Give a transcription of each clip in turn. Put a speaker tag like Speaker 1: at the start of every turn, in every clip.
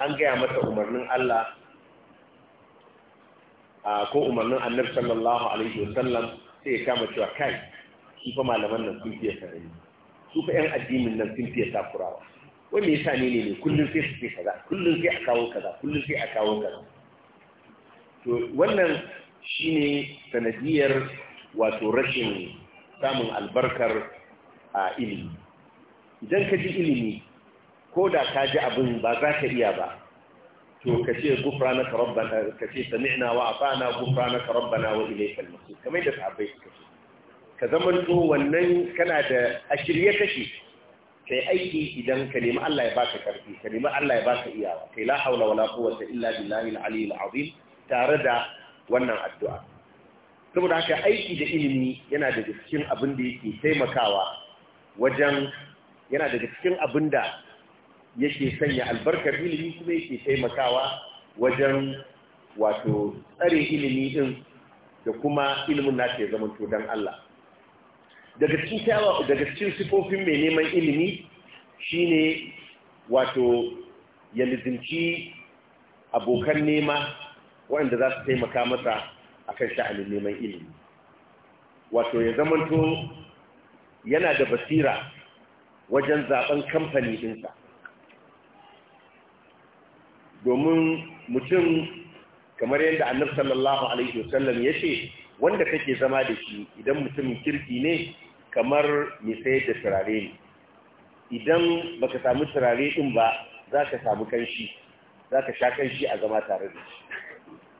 Speaker 1: an gaya mata umarnin Allah ko umarnin annar sallallahu alaihi wasallam sai ya kama cewa kai su fa malaman nan sun fiye sarari su fa 'yan addinin nan sun fiye takurawa wai me yasa ne ne kullum sai su fi kaza kullum sai a kawo kaza kullum sai a kawo kaza to wannan shine sanadiyar wato rashin samun albarkar a ilimi idan ka ji ilimi ko da ta ji abin ba za ka iya ba to ka ce gufrana ka rabbana ka ce sami'na wa afana gufrana ka rabbana wa ilaikal masir kamar da sahabbai suka ce ka zaman to wannan kana da a shirye kake kai aiki idan ka nemi Allah ya baka karfi ka nemi Allah ya baka iyawa kai la haula wala quwwata illa billahi al-ali al-azim tare da wannan addu'a saboda haka aiki da ilimi yana daga cikin abin da yake taimakawa wajen yana daga cikin abin da yake sanya albarkar ilimi kuma yake taimakawa wajen wato tsare ilimi din da kuma ilimin na ke zama don Allah daga cikin sifofin mai neman ilimi shine wato ya lizinci abokan nema waɗanda za su taimaka masa a kan sha'anin neman ilimi wato ya zamanto yana da basira wajen zaben kamfani ɗinsa domin mutum kamar yadda annabi sallallahu alaihi wasallam ya ce wanda kake zama da shi idan mutumin kirki ne kamar mai sayar da turare ne idan baka samu turare din ba za ka samu kanshi za ka sha kanshi a zama tare da shi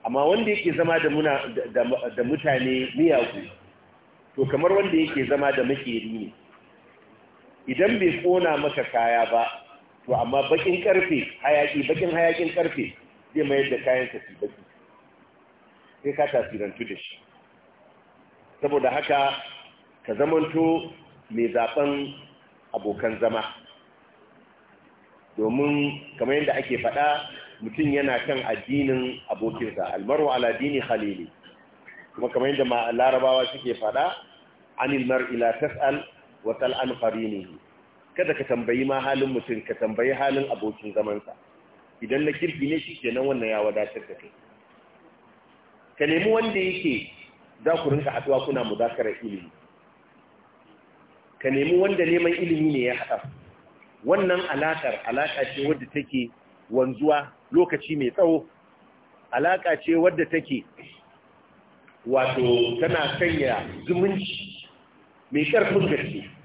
Speaker 1: amma wanda yake zama da mutane miyagu to kamar wanda yake zama da makeri ne idan bai kona maka kaya ba to amma bakin karfe hayaki bakin hayakin karfe zai mayar da kayan su baki sai ka tasirantu da shi saboda haka ka zamanto mai zaben abokan zama domin kamar yadda ake faɗa mutum yana kan addinin abokinsa almaru ala dini halili kuma kamar yadda larabawa suke faɗa anil mar'ila tas'al wa tal'an qarinihi kada ka tambayi ma halin mutum ka tambayi halin abokin zamansa idan na kirki ne shi kenan wannan ya wadatar da kai ka nemi wanda yake za ku rinka haɗuwa kuna muzakarar ilimi ka nemi wanda neman ilimi ne ya haɗa wannan alaƙar alaƙa ce wadda take wanzuwa lokaci mai tsawo alaƙa ce wadda take wato tana sanya zumunci mai ƙarfin gaske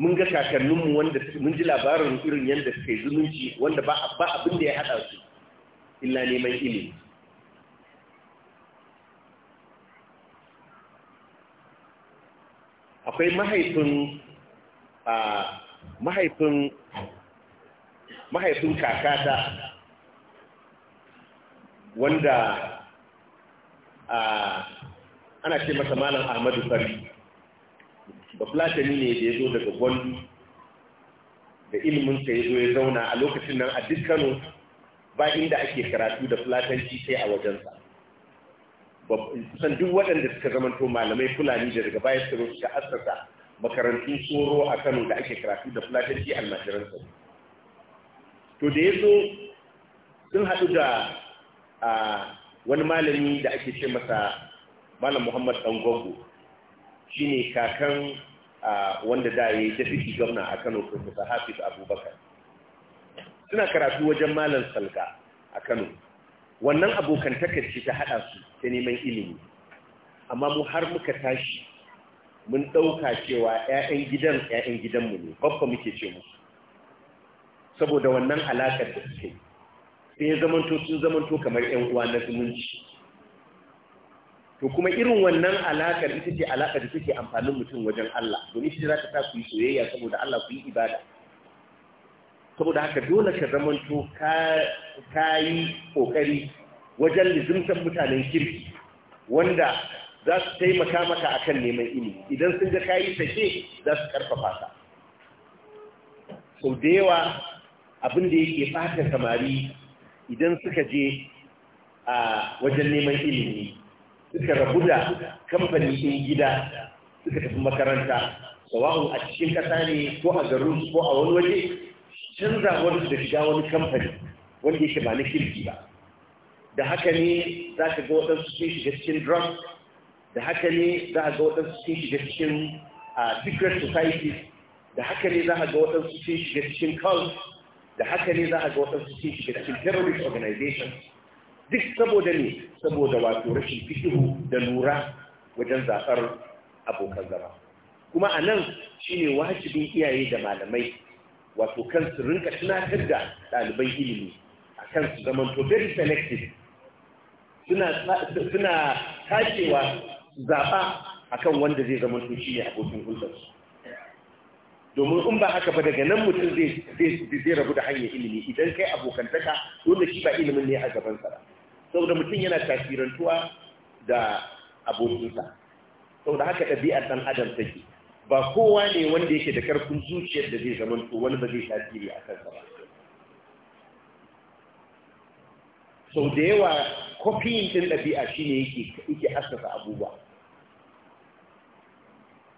Speaker 1: mun ga kakanninmu wanda mun ji labarin irin yadda suka yi zumunci wanda ba abin da ya haɗa su illa neman ilimi akwai mahaifin mahaifin mahaifin kakata wanda ana ce masa malam ahmadu fari ba fulatani ne da ya zo daga gwandu da ilimin ka ya zo ya zauna a lokacin nan a dukkanu ba inda ake karatu da fulatanci sai a wajensa kusan duk waɗanda suka zamanto malamai fulani da daga baya suka suka assasa makarantun tsoro a kano da ake karatu da fulatanci almajiransa to da ya zo sun haɗu da wani malami da ake ce masa malam muhammad ɗan shine kakan wanda da ya yi dafiki gwamna a kano professor hafiz abubakar suna karatu wajen malam salga a kano wannan abokantakar takarci ta haɗa su ta neman ilimi amma mu har muka tashi mun ɗauka cewa 'ya'yan gidan 'ya'yan gidanmu ne babba muke ce musu saboda wannan alakar da suke sai ya zamanto sun zamanto kamar 'yan uwa na zumunci to kuma irin wannan alakar ita ce alakar da take amfanin mutum wajen Allah domin shi za ta sa ku yi soyayya saboda Allah ku yi ibada saboda haka dole ka zama to ka yi kokari wajen lizimtar mutanen kirki wanda za su taimaka maka akan neman ilimi idan sun ga kayi sake za su karfafa ka sau da yawa abin da yake fata samari idan suka je a wajen neman ilimi suka rabu da kamfani ɗin gida suka tafi makaranta sawa'un a cikin ƙasa ne ko a garin ko a wani waje canza wani da shiga wani kamfani wanda yake ba na kirki ba da haka ne za ka ga waɗansu sun shiga cikin drugs da haka ne za a ga waɗansu sun shiga cikin secret society. da haka ne za a ga waɗansu sun shiga cikin cult. da haka ne za a ga waɗansu sun shiga cikin terrorist organizations duk saboda ne saboda wato rashin fikihu da lura wajen zaɓar abokan zama kuma a nan shi ne wajibin iyaye da malamai wato kan su rinka tunatar da ɗaliban ilimi a kan su zaman to very selective suna tashewa zaɓa a kan wanda zai zama to shi ne abokin hulɗarsu domin in ba haka ba daga nan mutum zai rabu da hanyar ilimi idan kai abokantaka dole shi ba ilimin ne a gaban sa saboda mutum yana tasirantuwa da abokinsa saboda haka ɗabi'a ɗan adam take ba kowa ne wanda yake da ƙarfin zuciyar da zai zama to wani ba zai tasiri a kansa ba sau da yawa yin ɗin ɗabi'a shi ne yake asasa abubuwa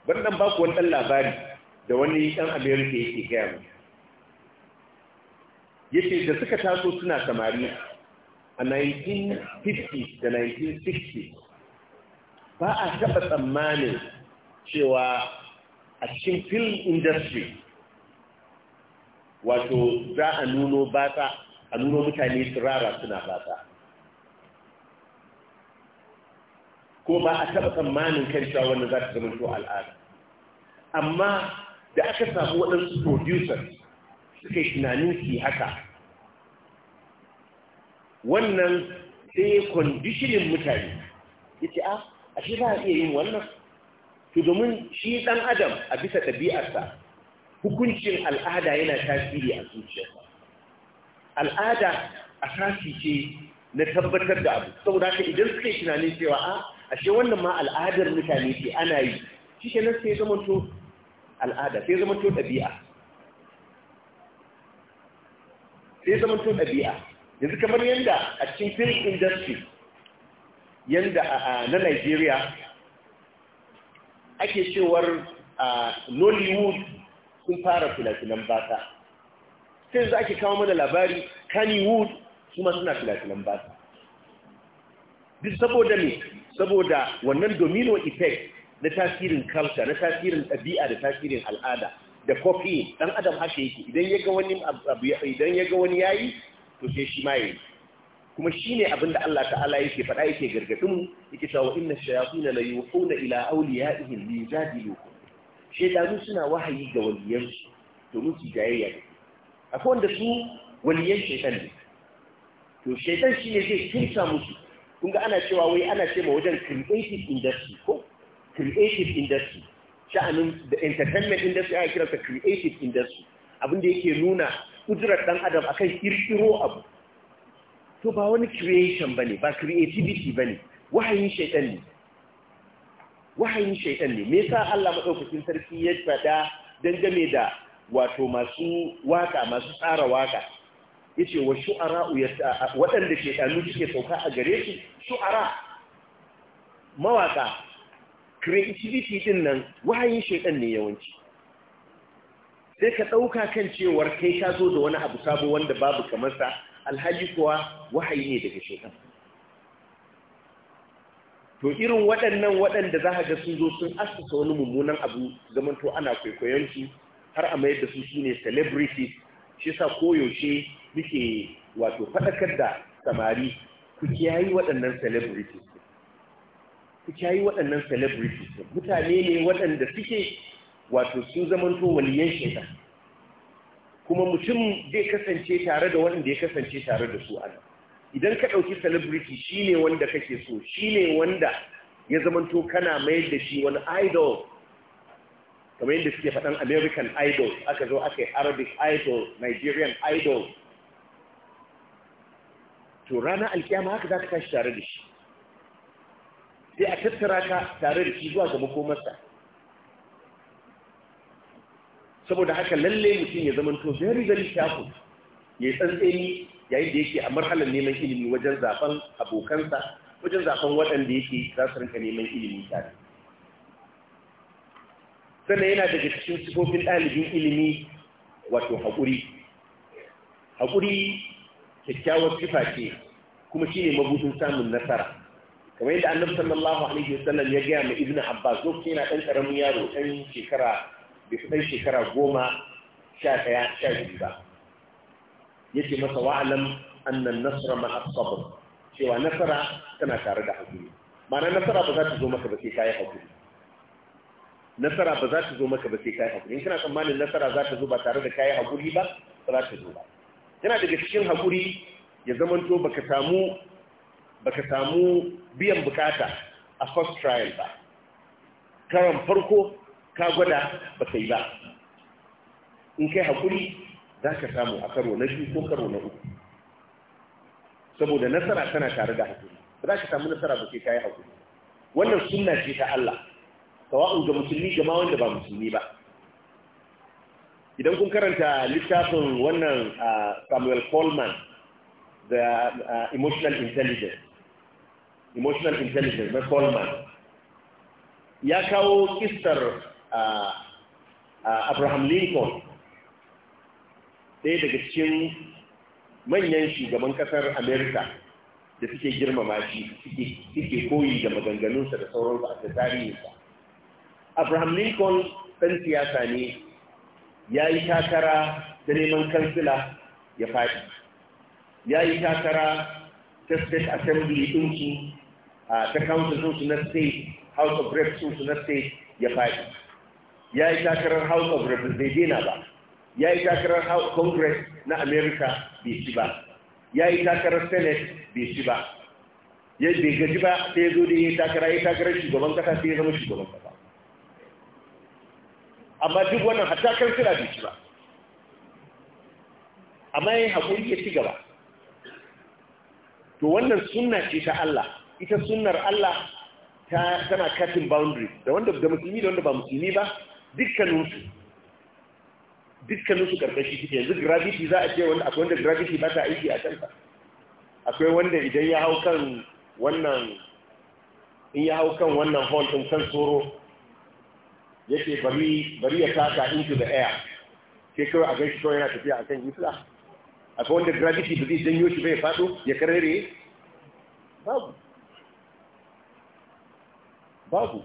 Speaker 1: Bannan ba kuwa wani ɗan labari da wani ɗan amerika yake gaya mu yace da suka taso suna samari a 1950 da 1960 ba a taɓa tsammanin cewa a cikin film industry wato za a nuno batsa a nuno mutane turara suna batsa ko ba a taɓa tsammanin kan cewa wanda za ta zama to al'ada amma da aka samu waɗansu producers suka yi tunanin su haka wannan sai kwandishinin mutane ya ce a ah, a shi za a iya yin wannan to domin shi ɗan adam a bisa ɗabi'arsa hukuncin al'ada yana tasiri a zuciyarsa al'ada a tashi ce na tabbatar da abu saboda haka idan suka yi tunanin cewa a ah, ashe wannan ma al'adar mutane ce ana yi shi ke nan sai zama to al'ada sai zama to ɗabi'a sai zama to ɗabi'a yanzu kamar yadda a cikin film industry yadda na nigeria ake cewar a nollywood sun fara filafilan bata sai yanzu ake kawo mana labari kannywood kuma suna filafilan bata duk saboda ne saboda wannan domino effect na tasirin culture na tasirin ɗabi'a da tasirin al'ada da kofi ɗan adam haka yake idan ya idan ya ga wani yayi to sai shi ma yayi kuma shine abin da Allah ta'ala yake faɗa yake gargadin mu yake cewa inna shayatin la yuquna ila awliyaihim li yujadilukum shaytanu suna wahayi ga waliyan su domin su jayayya akwai wanda su waliyan shaytan ne to shaytan ne zai kinsa musu kun ga ana cewa wai ana cewa wajen creative industry ko creative industry sha'anin da entertainment industry kira ta creative industry abin da yake nuna kudurar ɗan adam akan kirkiro abu to ba wani creation ba ne ba creativity ba ne wahayin shaidan ne wahayin shaidan ne me yasa Allah madaukakin sarki ya fada dangane da wato masu waka masu tsara waka yace wa shu'ara waɗanda ɗanu suke sauka a gare su shu'ara mawaka creativity din nan wahayin shaidan ne yawanci sai ka ɗauka kan cewar kai ka zo da wani abu sabo wanda babu kamar sa alhaji kuwa wahayi ne daga shaitan to irin waɗannan waɗanda za a ga sun zo sun asusa wani mummunan abu zamanto ana kwaikwayonsu har a mayar da su shine celebrities shi sa koyaushe muke wato faɗakar da samari ku kiyayi waɗannan celebrities ku kiyayi waɗannan celebrities mutane ne waɗanda suke wato sun zamanto waliyan shaitan kuma mutum zai kasance tare da wanda ya kasance tare da su a nan. idan ka ɗauki celebrity shi ne wanda kake so shi ne wanda ya zamanto kana mayar da shi wani idol kamar yadda suke faɗan american idol aka zo aka yi arabic idol nigerian idol to rana alkiyama haka za ka tashi tare da shi sai a tattara ka tare da shi zuwa ga makomarsa saboda haka lalle mutum ya zama to very very careful ya yi tsantseni yayin da yake a marhalar neman ilimi wajen zaben abokansa wajen zaben waɗanda yake za su rinka neman ilimi tare sannan yana daga cikin sifofin ɗalibin ilimi wato haƙuri haƙuri kyakkyawar sifa ce kuma shine mabudin samun nasara kamar yadda annabi sallallahu alaihi wasallam ya gaya ma ibnu abbas lokacin yana dan karamin yaro ɗan shekara bai fi ɗan shekara goma sha ɗaya sha biyu ba yake masa wa'alam annan nasara ma'a sabr cewa nasara tana tare da hakuri ma'ana nasara ba za ta zo maka ba sai kayi hakuri nasara ba za ta zo maka ba sai kayi hakuri in kana tsammanin nasara za ta zo ba tare da kayi hakuri ba ba za ta zo ba yana daga cikin hakuri ya zamanto baka samu baka samu biyan bukata a first trial ba karan farko ka gwada ba ka yi ba in kai haƙuri za ka samu a karo na biyu ko karo na uku saboda nasara tana tare da haƙuri ba za ka samu nasara ba ke kayi yi haƙuri wannan suna ce ta Allah tawa'un ga musulmi ga wanda ba musulmi ba idan kun karanta littafin wannan Samuel Coleman the emotional intelligence emotional intelligence na Coleman ya kawo kistar abraham lincoln ɗaya daga cikin manyan shugaban ƙasar amerika da suke girmama shi suke koyi da maganganunsa da sauransu a tarihinsa abraham lincoln ɗan siyasa ne ya yi takara da neman kansila ya faɗi ya yi takara ta state assembly ɗinsu ta council ɗinsu na state house of reps ɗinsu na state ya faɗi ya yi takarar house of representatives ba ya yi takarar congress na america bai ci ba ya yi takarar senate bai ci ba ya bai gaji ba sai zo da ya yi takara ya yi takarar shugaban kasa sai ya zama shugaban kasa amma duk wannan hatta kan sira bai ci ba amma ya yi haƙuri ya ci gaba to wannan sunna ce ta Allah ita sunnar Allah ta tana cutting boundary da wanda da musulmi da wanda ba musulmi ba dukkaninsu dukkaninsu karkashi suke yanzu gravity za a ce wanda akwai wanda gravity ba ta aiki a kanta akwai wanda idan ya hau kan wannan in ya hau kan wannan hall ɗin kan tsoro yake bari bari ya taka into the air sai kawai a gan shi kawai yana tafiya a kan isla akwai wanda gravity ba zai janyo shi bai faɗo ya karere babu babu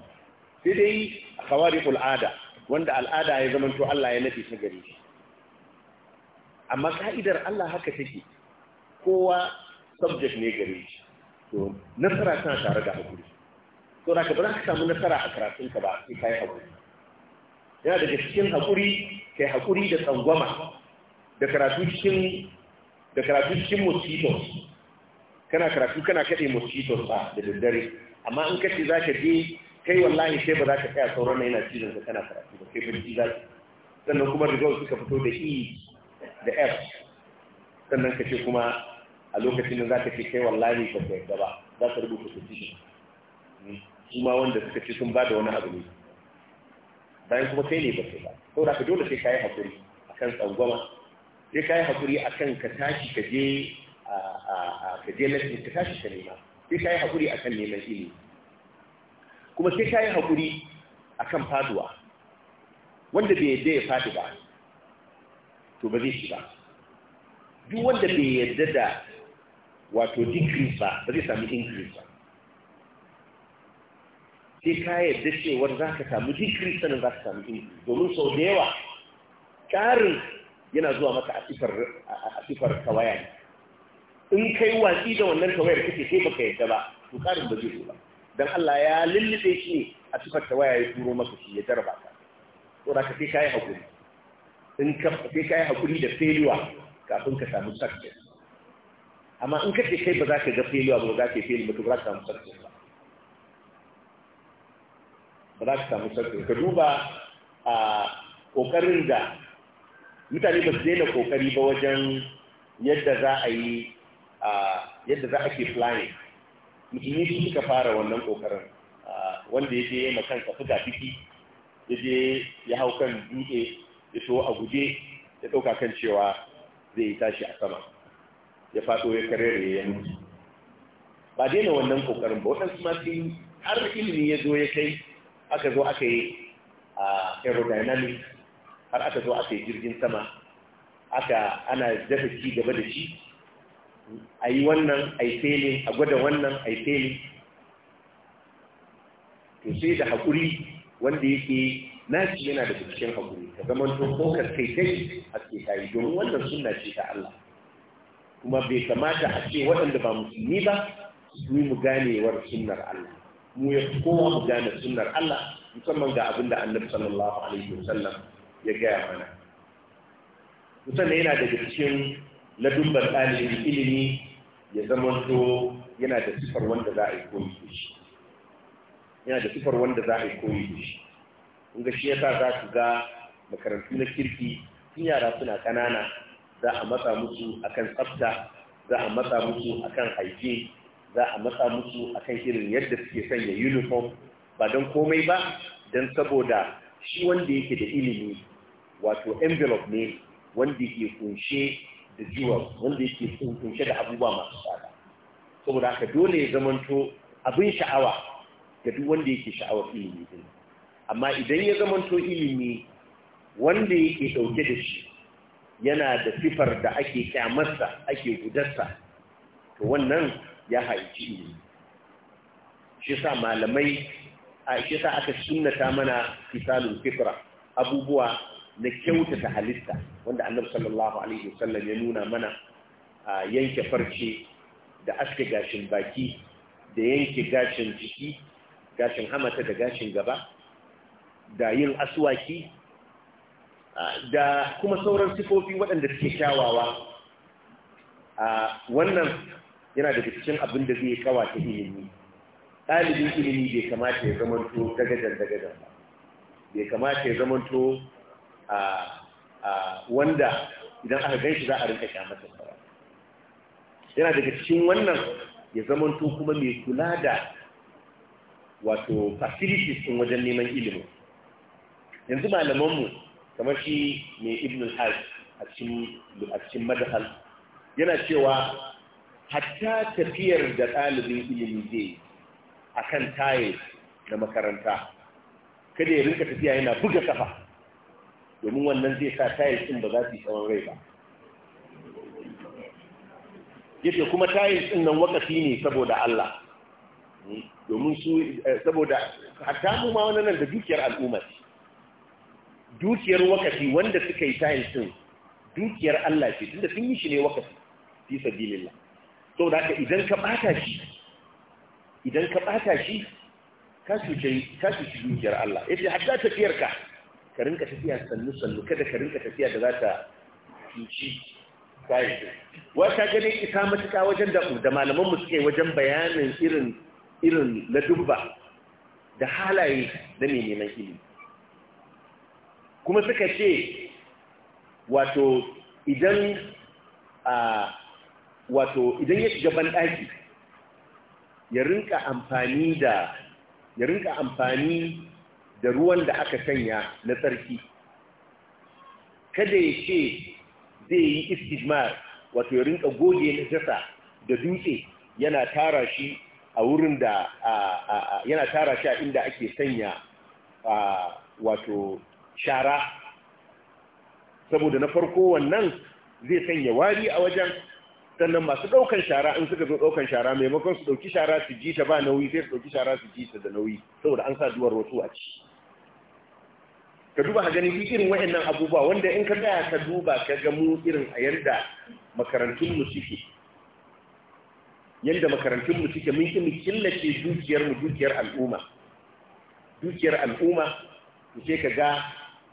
Speaker 1: sai dai a kawari al'ada wanda al'ada ya zama to Allah ya nafi ta gare shi amma ka'idar Allah haka take kowa subject ne gare shi to nasara tana tare da hakuri to da ka ba za ka samu nasara a karatunka ba sai kai hakuri yana daga cikin hakuri kai hakuri da tsangwama da karatu cikin da karatu cikin mosquitoes kana karatu kana kaɗe mosquitoes ba da daddare amma in kace za ka je kai wallahi sai ba za ka kaya sauran na yana cizon ka kana karatu ba sai barci za su sannan kuma result suka fito da e da f sannan ka ce kuma a lokacin da za ka ce kai wallahi ba ka kai ba za ka rubuta su cikin kuma wanda suka ce sun ba da wani abu ne bayan kuma kai ne ba sai ba da ka dole sai ka yi a akan tsangwama sai ka yi a akan ka tashi ka je ka je lafiya ka tashi ka nema sai ka yi a akan neman ilimi kuma sai hakuri haƙuri kan faduwa wanda bai yadda ya fadi ba to ba zai shi ba duk wanda bai yadda da wato decrease ba ba zai sami increase ba sai ka yadda cewar za ka samu decrease sanin za ka samu increase domin sau da yawa ƙarin yana zuwa maka a sifar kawaya ne in kai watsi da wannan kawayar kake sai baka yadda ba to ƙarin ba zai zo ba dan Allah ya lullube shi ne a sifar ta waya ya turo maka shi ya jarba ka to da ka sai kai hakuri in ka sai kai hakuri da failure kafin ka samu success amma in ka ce kai ba za ka ga failure ba za ka fail ba to ba za ka samu success ba ba za ka samu success ka duba a kokarin da mutane ba su daina kokari ba wajen yadda za a yi yadda za a ke planning mutumin su suka fara wannan kokarin wanda ya je ya kansa fuka fiki ya je ya hau kan dutse ya so a guje ya ɗauka kan cewa zai yi tashi a sama ya faɗo ya da ya mutu ba daina wannan kokarin ba waɗansu ma sun har ilimi ya zo ya kai aka zo aka yi a aerodynamic, har aka zo aka yi jirgin sama aka ana dafa ci gaba da shi a yi wannan a yi fele a gwada wannan a yi fele to sai da haƙuri wanda yake nashi yana da cikin haƙuri ta zama to ka kai kai a ke kayi domin wannan sunna ce ta Allah kuma bai kamata a ce waɗanda ba musulmi ba su yi mu ganewar sunnar Allah mu ya kowa mu gane sunnar Allah musamman ga abin da annabi sallallahu alaihi wasallam ya gaya mana musamman yana da cikin ladubban ɗalibin ilimi ya to yana da sifar wanda za a yi koyi da shi yana da sifar wanda za a yi koyi da shi in ga shi ya sa za ku ga makarantu na kirki tun yara suna ƙanana za a matsa musu akan tsafta za a matsa musu akan haike za a matsa musu akan irin yadda suke sanya uniform ba don komai ba don saboda shi wanda yake da ilimi wato envelope ne wanda ke kunshe da jiwa wanda yake kunshe da abubuwa masu tsada saboda haka dole ya zamanto abin sha'awa ga duk wanda yake sha'awar ilimi din amma idan ya zamanto ilimi wanda yake dauke da shi yana da sifar da ake kyamarsa ake gudarsa to wannan ya haici ilimi shi sa malamai a shi sa aka sunnata mana misalin fitra abubuwa na kyautata halitta wanda annabi sallallahu alaihi wasallam ya nuna mana yanke farce da aske gashin baki da yanke gashin jiki gashin hamata da gashin gaba da yin aswaki da kuma sauran sifofi waɗanda suke shawawa. wannan yana da cikin abin da zai kawata ilimi ɗalibin ilimi bai kamata ya zamanto da gagajen ba bai kamata ya zamanto wanda idan aka gan shi za a rinka kyamata sawa yana daga cikin wannan ya zamanto kuma mai kula da wato facilities din wajen neman ilimi. yanzu malamanmu kamar shi mai ibn al-hajj a cikin madahal yana cewa hatta tafiyar da ɗalibin ilimi zai a kan taye na makaranta kada ya rinka tafiya yana buga kafa domin wannan zai sa tayil ɗin ba za su yi tsawon rai ba yace kuma tayil ɗin nan wakafi ne saboda Allah domin su eh, saboda hatta mu ma wannan nan da dukiyar al'umma dukiyar wakafi wanda suka yi tayil ɗin dukiyar Allah ce tunda sun yi shi ne wakafi fi sabilillah saboda haka idan ka bata shi idan ka bata shi ka cuce ka cuce dukiyar Allah yace hatta tafiyarka ka rinka tafiya sannu sannu kada ka rinka tafiya da za ta cuci kayan wata ka gane isa matuƙa wajen da malaman mu suke wajen bayanin irin irin na dubba da halaye na mai neman ilimi kuma suka ce wato idan a wato idan ya shiga bandaki ya rinka amfani da ya rinka amfani da ruwan da aka sanya na tsarki kada ya ce zai yi istijmar wato ya rinka goge na jasa da dutse yana tara shi a wurin da yana tara shi a inda ake sanya wato shara saboda na farko wannan zai sanya wari a wajen sannan masu ɗaukan shara in suka zo ɗaukan shara maimakon su ɗauki shara su ji ta ba nauyi sai su ɗauki shara su ji ta da nauyi saboda an sa duwar wasu a ciki ka duba ka gani irin wa'annan abubuwa wanda in ka gaya ka duba ka ga mu irin a yadda makarantun suke makarantun mun ki killace dukiyar mu dukiyar al'umma dukiyar al'umma to ce ka ga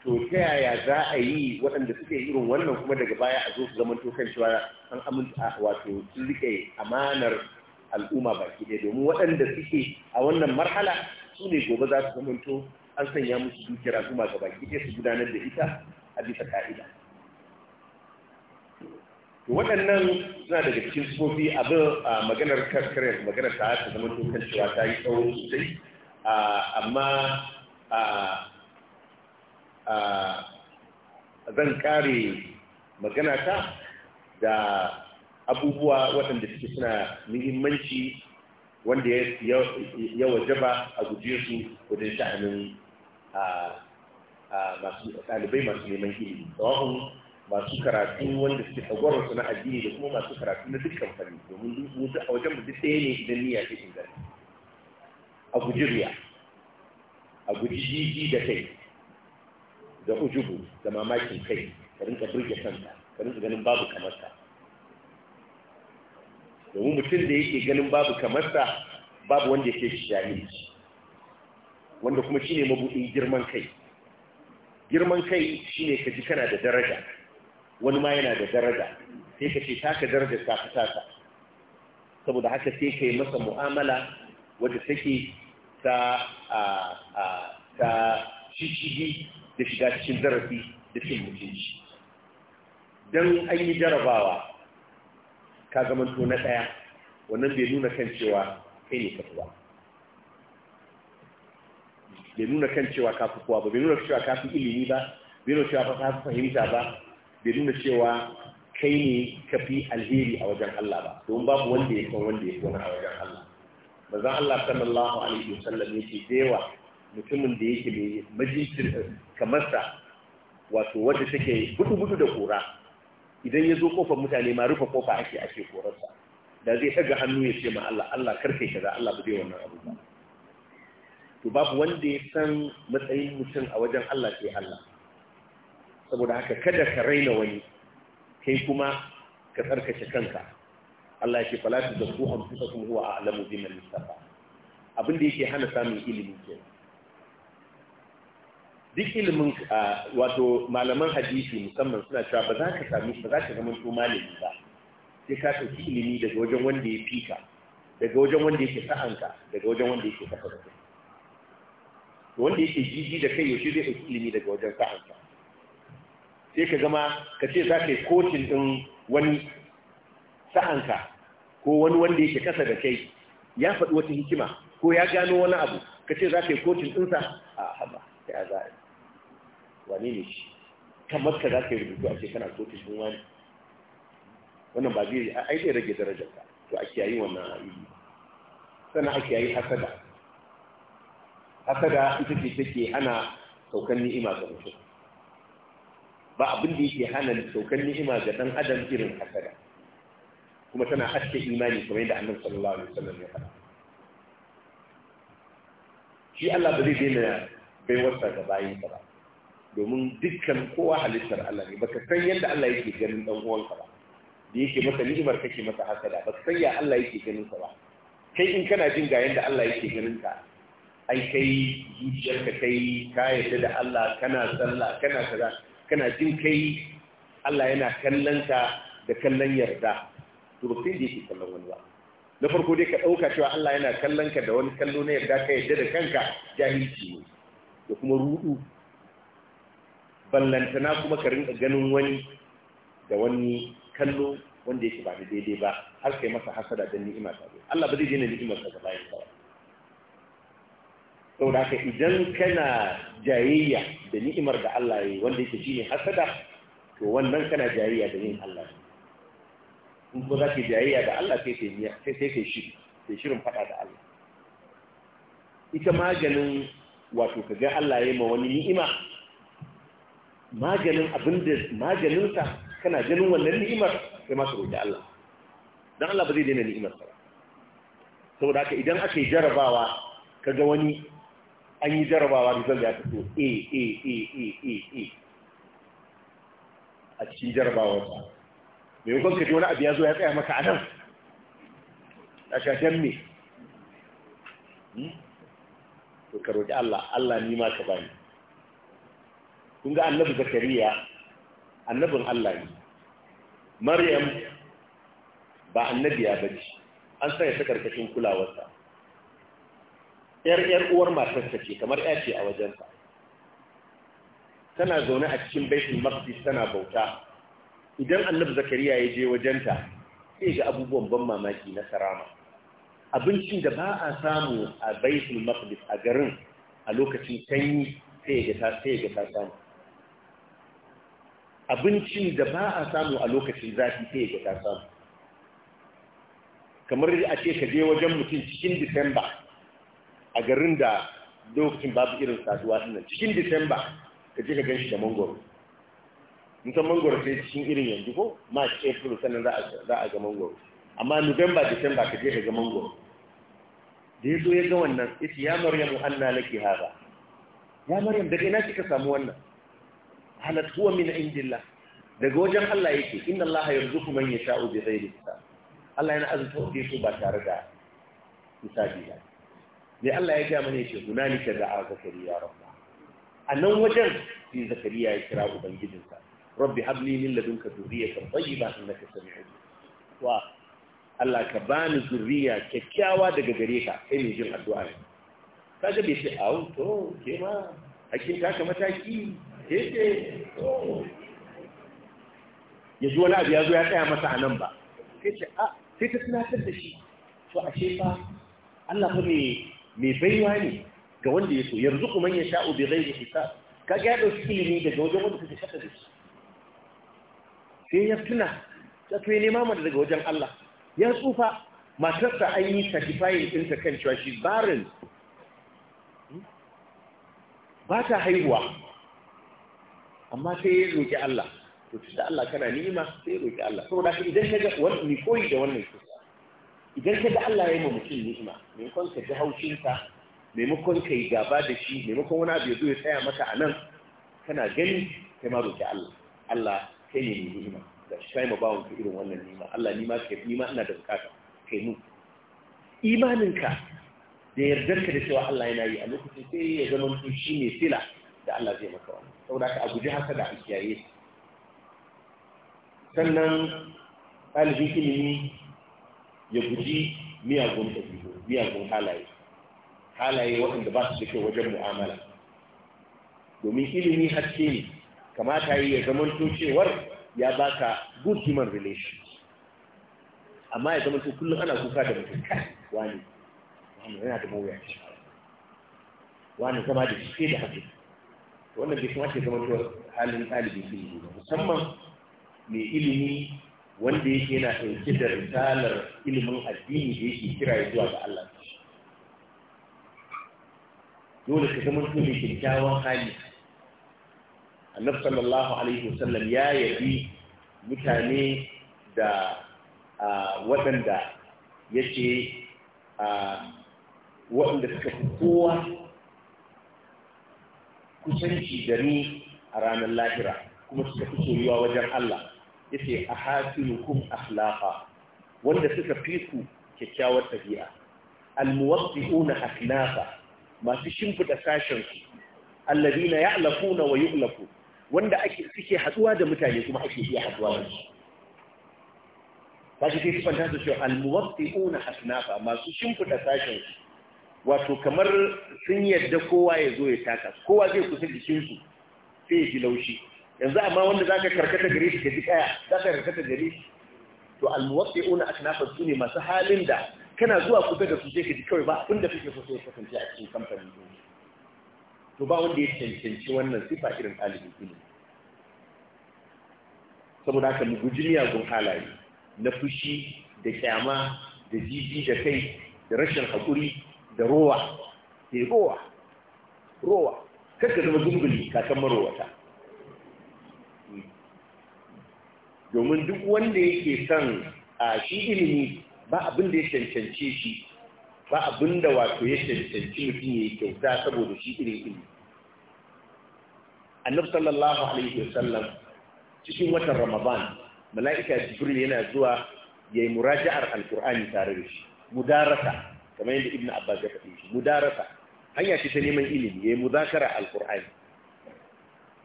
Speaker 1: to ta yaya za a yi waɗanda suke irin wannan kuma daga baya a zo su zama to kan cewa an aminta wato sun rike amanar al'umma baki ɗaya domin waɗanda suke a wannan marhala su ne gobe za su zama to an sanya musu dukiyar kuma ga baki ɗaya su gudanar da ita a bisa ka'ida waɗannan suna daga cikin sufofi abin maganar karkare maganar ta ta zama tokan cewa ta yi tsawo sosai amma zan kare magana ta da abubuwa waɗanda suke suna muhimmanci wanda ya wajaba a guje su wajen sha'anin masu ɗalibai masu neman ilimi tsawon masu karatu wanda suke tsagwaron na addini da kuma masu karatu na dukkan fari domin duk a wajen mutu ɗaya ne idan niyya ce in gani a guji riya a guji jiji da kai da ujubu da mamakin kai ka rinka burge kanta ka rinka ganin babu kamarsa domin mutum da yake ganin babu kamarsa babu wanda yake shi jahilci wanda kuma shine mabuɗin girman kai girman kai shine ka ji kana da daraja wani ma yana da daraja sai ka ce taka daraja ta fi taka saboda haka sai ka yi masa mu'amala wadda take ta ta shishigi da shiga cikin zarafi da cin mutunci don an yi jarabawa ka zamanto na ɗaya wannan bai nuna kan cewa kai ne kafuwa bai nuna kan cewa ka fi kowa ba bai nuna cewa ka fi ilimi ba bai nuna cewa ka fi fahimta ba bai nuna cewa kai ne ka fi alheri a wajen Allah ba don babu wanda ya san wanda ya fi wani a wajen Allah manzon Allah sallallahu alaihi wasallam yake dewa mutumin da yake mai majincin kamar sa wato wanda take gudu-gudu da kora idan ya zo kofar mutane ma rufe kofa ake ake korarsa da zai ɗaga hannu ya ce ma Allah Allah karfe kaza Allah bude wannan abu ba to babu wanda ya san matsayin mutum a wajen Allah ke Allah saboda haka kada ka raina wani kai kuma ka tsarkace kanka Allah ya ce fala tu zaku anfusakum huwa a'lamu biman istafa abin da yake hana samun ilimi ke duk ilimin wato malaman hadisi musamman suna cewa ba za ka sami ba za ka zama to malami ba sai ka ɗauki ilimi daga wajen wanda ya fika daga wajen wanda yake sa'anka daga wajen wanda yake kafa da kai wanda yake jiji da kai yaushe zai ɗauki ilimi daga wajen sa'ansa sai ka gama ka ce za ka yi kocin ɗin wani sa'anka ko wani wanda yake ƙasa da kai ya faɗi wata hikima ko ya gano wani abu ka ce za ka yi kocin ɗinsa a haɓa ya za a wane ne shi kamar ka za ka yi rubutu a ce kana kocin ɗin wani wannan ba zai ai zai rage darajarka to a kiyayi wannan ayyuka sannan a kiyayi hasada hasada ita ce take hana saukan ni'ima ga mutum ba abin da yake hana saukan ni'ima ga dan adam irin hasada kuma tana haske imani kamar yadda annabi sallallahu alaihi wasallam ya faɗa shi Allah ba zai daina baiwarsa ga bayinsa ba domin dukkan kowa halittar Allah ne baka san yadda Allah yake ganin dan uwanka ba da yake masa ni'imar kake masa hasada baka san ya Allah yake ganin ka ba kai in kana jin ga yadda Allah yake ganin ka ai kai ka kai ka yadda da Allah kana sallah kana kaza kana jin kai Allah yana kallon ka da kallon yarda to sai da yake kallon wani ba na farko dai ka ɗauka cewa Allah yana kallon ka da wani kallo na yarda ka yarda da kanka jahilci ne da kuma rudu ballantana kuma ka rinka ganin wani da wani kallo wanda yake ba daidai ba har kai masa hasada don ni'ima ta Allah ba zai daina ni'imar ka gaba ya saboda haka idan kana jayayya da ni'imar da Allah ya yi wanda yake shine hasada to wannan kana jayayya da yin Allah in ko ki jayayya da Allah sai kai niyya sai sai shi sai shirin fada da Allah ita maganin wato kaga Allah ya yi ma wani ni'ima maganin abinda maganinsa kana ganin wannan ni'imar sai ma ka da Allah dan Allah ba zai daina ni'imar sa saboda haka idan aka yi jarabawa kaga wani an yi jarabawa result ya fito a a a a a a a cikin ba mai yi kwanke wani abu ya zo ya tsaya maka a nan a shashen me hmm? to karo roƙi Allah Allah ni ma ka bani kun ga annabi zakariya annabin Allah ne maryam ba annabiya ba ce an sanya ta karkashin kulawarsa ‘yar ‘yar uwar matarsa ce kamar ‘ya ce a wajensa tana zaune a cikin baitul maqdis tana bauta idan annabi zakariya ya je wajenta sai ga abubuwan ban mamaki na sarama abincin da ba a samu a baitul maqdis a garin a lokacin sanyi sai ga ta sai ga ta samu abincin da ba a samu a lokacin zafi sai ga ta samu kamar a ce ka je wajen mutum cikin disamba a garin da lokacin babu irin saduwa dinnan cikin disamba ka je ka gan shi da mangoro musan mangoro sai cikin irin yanzu ko march april sannan za a ga mangoro amma november disemba ka je ka ga mangoro da ya zo ya ga wannan ya ya maryam anna laki hada ya maryam daga ina kika samu wannan halat huwa min indillah daga wajen Allah yake inna Allah yarzuqu man yasha'u bi ghairi hisab Allah yana azuta wanda yake ba tare da hisabi ba mai Allah ya ga mana shi hunalika da zakariya rabba a nan wajen sai zakariya ya kira ubangijinsa rabbi habli min ladunka dhurriyatan tayyiba innaka sami'ud wa Allah ka bani zurriya kyakkyawa daga gare ka kai mai jin addu'a ne kaga bai shi a to ke ma hakin ka mataki ke ce ya ji wani abu ya zo ya tsaya masa a nan ba sai a ah, sai ta tunatar da shi to ashe fa Allah fa mai mai baiwa ne ga wanda ya so ya man yasha'u bi ghairi Ka ga ya su ilimi daga wajen wanda suke shaɗa da shi sai ya tuna ta to nema mana daga wajen Allah ya tsufa matarsa an yi certifying ta kan cewa shi barin hmm? ba ta haihuwa amma sai ya roƙi Allah to ta Allah kana nima sai ya roƙi Allah saboda shi idan ka ga wani koyi da wannan su idan ka ga Allah ya yi mutum ni'ima maimakon ka ji haushinsa maimakon ka yi gaba da shi maimakon wani abu ya zo ya tsaya maka a nan kana gani kai ma roƙi Allah Allah kai ne ni'ima da shi kai ma ka irin wannan ni'ima Allah ni ma yi ni ina da bukata kai mu ka da yardar ka da cewa Allah yana yi a lokacin sai ya zama mutum shi ne sila da Allah zai maka wani saboda ka a guji haka da a kiyaye sannan ɗalibin ilimi ya guji miyagun ɗabi'u miyagun halaye halaye waɗanda ba su da kyau wajen mu'amala domin ilimi haske ne kamata yi ya zama cewar ya baka good human relations amma ya zamanto kullum ana kuka da mutum wani wani yana da mawuya wani zama da shi da haske wannan bai kamata ya zamanto halin ɗalibin ilimi musamman mai ilimi wanda yake yana ɗauke da risalar ilimin addini da yake kira zuwa ga Allah dole ka zama mutum mai kyakkyawan hali annabi sallallahu alaihi wasallam ya yabi mutane da waɗanda ya ce waɗanda suka fi kowa kusanci da ni a ranar lahira kuma suka fi soyuwa wajen Allah ce yace ahasinukum akhlaqa wanda suka fi ku kyakkyawar tafiya. tabi'a una akhlaqa masu shimfida sashen su alladina na wa yu'lafu wanda ake suke haɗuwa da mutane kuma ake iya haɗuwa da su ba shi sai sifanta su cewa almuwaqqi'una akhlaqa masu shimfiɗa sashen su wato kamar sun yadda kowa ya zo ya taka kowa zai kusa jikinsu sai ya ji laushi yanzu amma wanda za ka karkata gare shi ka ji kaya za ka karkata gare shi to almuwaɗi'una a kanafar su ne masu halin da kana zuwa kusa da su je ka ji kawai ba abin da kake so sai kasance a cikin kamfanin su to ba wanda ya cancanci wannan sifa irin ɗalibin ne saboda haka mu guji miyagun halaye na fushi da kyama da jibi da kai da rashin haƙuri da rowa ke rowa rowa kakka zama zunguli kakan marowata domin duk wanda yake son a shi ilimi ba abin da ya cancance shi ba abin da wato ya cancanci mutum ya yi kyauta saboda shi irin ilimi annabi sallallahu alaihi wasallam cikin watan ramadan mala'ika jibril yana zuwa ya yi muraja'ar alkur'ani tare da shi mudarasa kamar yadda ibnu abbas ya faɗi shi mudarasa hanya ce ta neman ilimi ya yi muzakara alkur'ani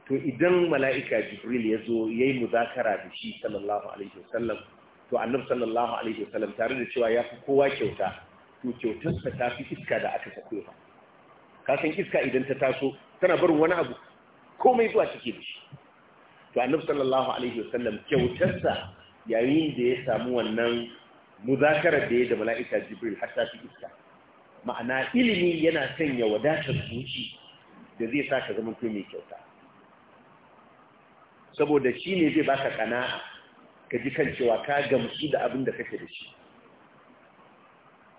Speaker 1: to idan mala'ika jibril ya zo ya yi muzakara da shi sallallahu alaihi wasallam to annabi sallallahu alaihi wasallam tare da cewa ya fi kowa kyauta to kyautarsa ta fi iska da aka sako ba ka san iska idan ta taso tana barin wani abu komai zuwa take da shi to annabi sallallahu alaihi wasallam kyautarsa yayin da ya samu wannan muzakara da ya da mala'ika jibril har ta fi iska ma'ana ilimi yana sanya wadatar zuci da zai sa ka zama mai kyauta saboda shi ne zai baka kana'a ka ji kan cewa ka gamsu da abin da kake da shi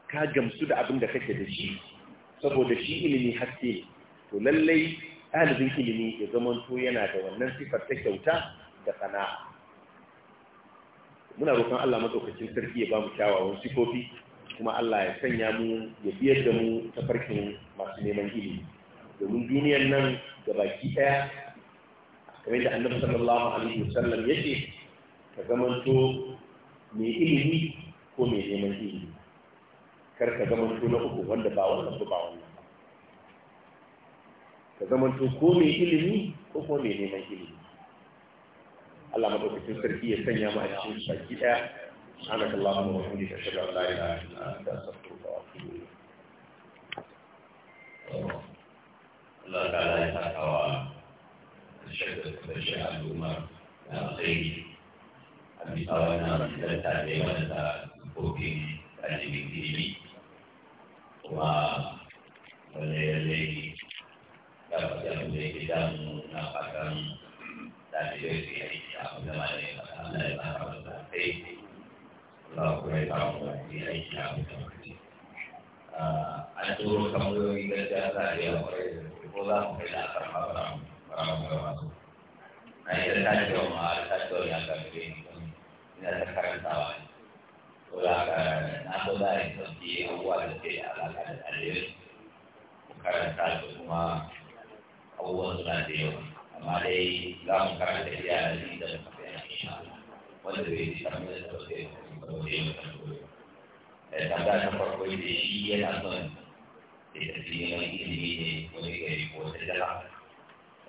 Speaker 1: ka gamsu da abin da kake da shi saboda shi ilimi haske to lallai ɗalibin ilimi ya to yana da wannan sifar ta kyauta da sana'a muna roƙon Allah matsaukacin sarki ya ba mu kyawawan sifofi kuma Allah ya sanya mu ya biyar da mu ta farkin masu neman ilimi domin duniyar nan ga baki ɗaya kamar da annabi sallallahu alaihi wasallam yake ka zamanto mai ilimi ko mai neman ilimi kar ka zamanto na uku wanda ba wannan ba wannan ka zamanto ko mai ilimi ko ko mai neman ilimi Allah madaukakin sarki ya sanya mu a cikin saki daya سبحانك اللهم وبحمدك اشهد ان لا اله
Speaker 2: الا انت استغفرك واتوب اليك Allah ta ya saka shakka da shi al'umma na alkhairi a bisa wannan fitarta da yawan da kofin ɗalibin ilimi kuma wanda ya lai da wajen da ya damu na fatan ɗalibai su yi aiki a kuma ma ne ba ta da ba ta da kai ba ku yi a yau a yi a a orang masuk. Nah, ini tadi cuma ada satu yang kami ini ada karantawan. Ulah nato dari segi awal ke ala kadan alir. Karantawan semua awal sudah dia. Amalai lam karantawan dia ini dan insyaallah. Wanda bai samu da sauke da tambaya ta farko da shi yana son da tafiye mai ilimi ne wani gari ko wata jama'a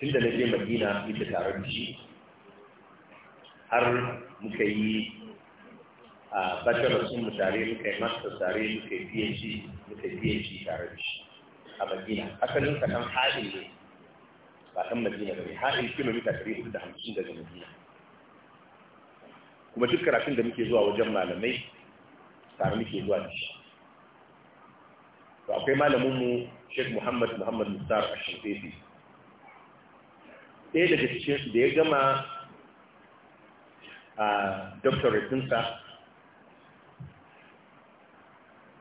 Speaker 1: tun da na je madina ita tare da shi har muka yi a bachelor sun mu tare muka yi master tare muka yi phd muka yi phd tare da shi a madina asalin ka san haɗin ne ba san madina ba ne haɗin kilomita ɗari hudu da hamsin daga madina kuma duk karatun da muke zuwa wajen malamai tare muke zuwa da shi to akwai malaminmu Sheikh Muhammad Muhammad Mustar Ashintefi ɗaya daga cikinsu da ya gama a doktoratinsa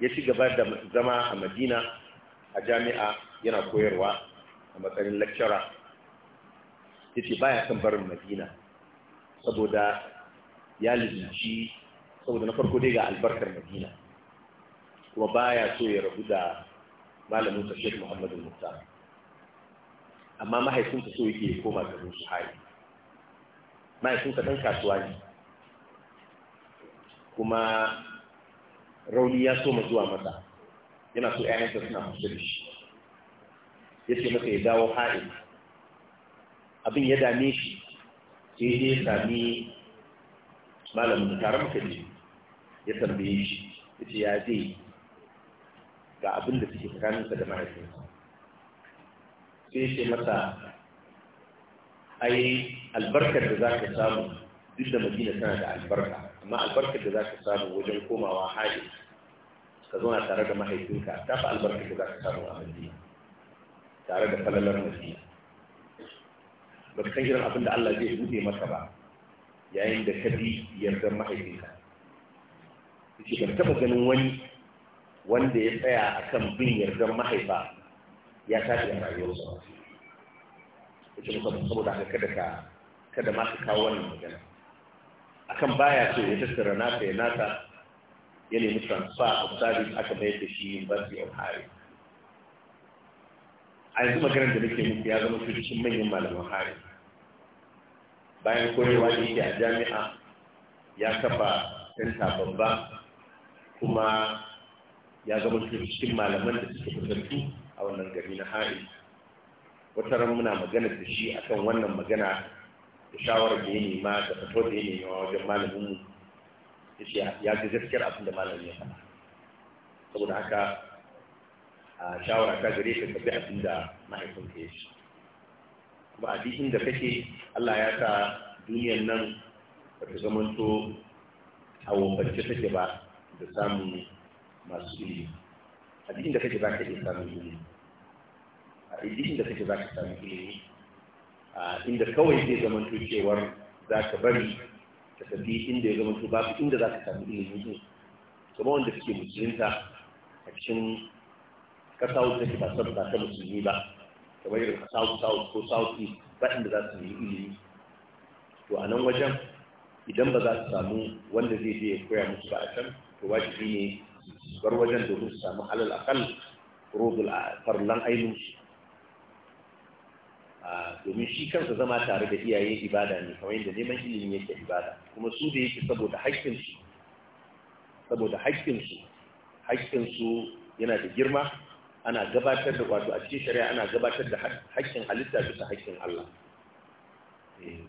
Speaker 1: ya ci gaba da zama a madina a jami'a yana koyarwa a matsayin lecturer ya ce ya san barin madina saboda ya lulluci saboda na farko dai ga albarkar madina kuma ba ya so ya rabu da malamin sa Muhammadu Musa amma mahaifinsa so yake koma garin su hari mahaifinsa ɗan kasuwa ne kuma rauni ya so zuwa masa yana so ‘ya'yansa suna kusa da shi ya ce masa ya dawo hari abin ya dame shi sai ya sami malamin tare muka ne ya tambaye shi ya ce ya ga abin da suke tsakaninsa da mahaifinsa sai ce mata, ai albarkar da za ka samu duk da madina tana da albarka amma albarkar da za ka samu wajen komawa hali ka zauna tare da mahaifinka ta fi albarkar da za ka samu a madina tare da falalar madina ba ka san irin abin da Allah zai bude maka ba yayin da ka bi yardar mahaifinka ce ban taɓa ganin wani wanda ya tsaya akan bin yardar mahaifa ya tashi a rayuwarsa ita musamman saboda haka kada ka kada ma ka kawo wannan magana akan baya ce ya tattara nata ya nata, ya nemi transfer of service aka bayar da shi university of hari a yanzu maganar da nake muku ya zama cikin manyan malaman hari bayan koyarwa da yake a jami'a ya kafa tenta babba kuma ya zama cikin malaman da suke fitattu a wannan gari na hari wata ran muna magana da shi akan wannan magana da shawarar da ya nema da fito da ya nema wajen malaminmu mu, shi ya ga gaskiyar abin da malamin ya faɗa saboda haka a shawara ta gare ka tafi abin da ka ya ce kuma a duk inda kake Allah ya sa duniyar nan ba ta zamanto a wambance take ba da samun masu ilimi a da kake za ka iya samun ilimi a duk da kake za ka samun ilimi a inda kawai zai zama to cewar za ka bari ka tafi inda ya zama to babu inda za ka samu ilimi ne kuma wanda suke musulunta a cikin kasa wata take ba saboda ta musulmi ba kamar irin south south ko south east ba inda za su yi ilimi to a nan wajen idan ba za su samu wanda zai je ya koya musu ba a can to wajibi ne bar wajen domin su samu alal akal rubul farlan ainihin shi domin shi kansa zama tare da iyaye ibada ne kamar yadda neman ilimi yake ibada kuma su da yake saboda haƙƙin su saboda haƙƙin su haƙƙin su yana da girma ana gabatar da wato a cikin shari'a ana gabatar da haƙƙin halitta bisa haƙƙin Allah eh,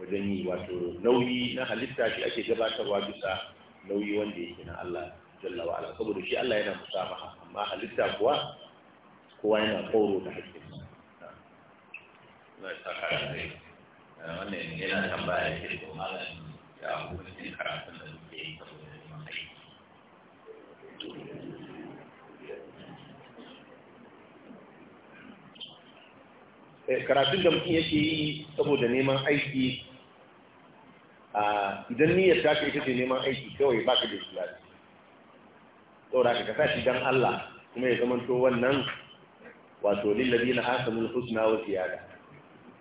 Speaker 1: wajen yi wato nauyi na halitta shi ake gabatarwa bisa nauyi wanda yake na Allah jalla wa ala saboda shi Allah yana musamaha amma halitta kuwa
Speaker 2: kowa yana kauro da hakkin
Speaker 1: eh, wannan yana tambaya ke da malam
Speaker 2: ya hukuncin karatun da suke yi saboda neman aiki
Speaker 1: eh, karatun da mutum yake yi saboda neman aiki idan niyyar ta ita ce neman aiki kawai baka da ikhlasi saboda ka kasa shi dan Allah kuma ya zamanto wannan wato na hasanul husna wa ziyada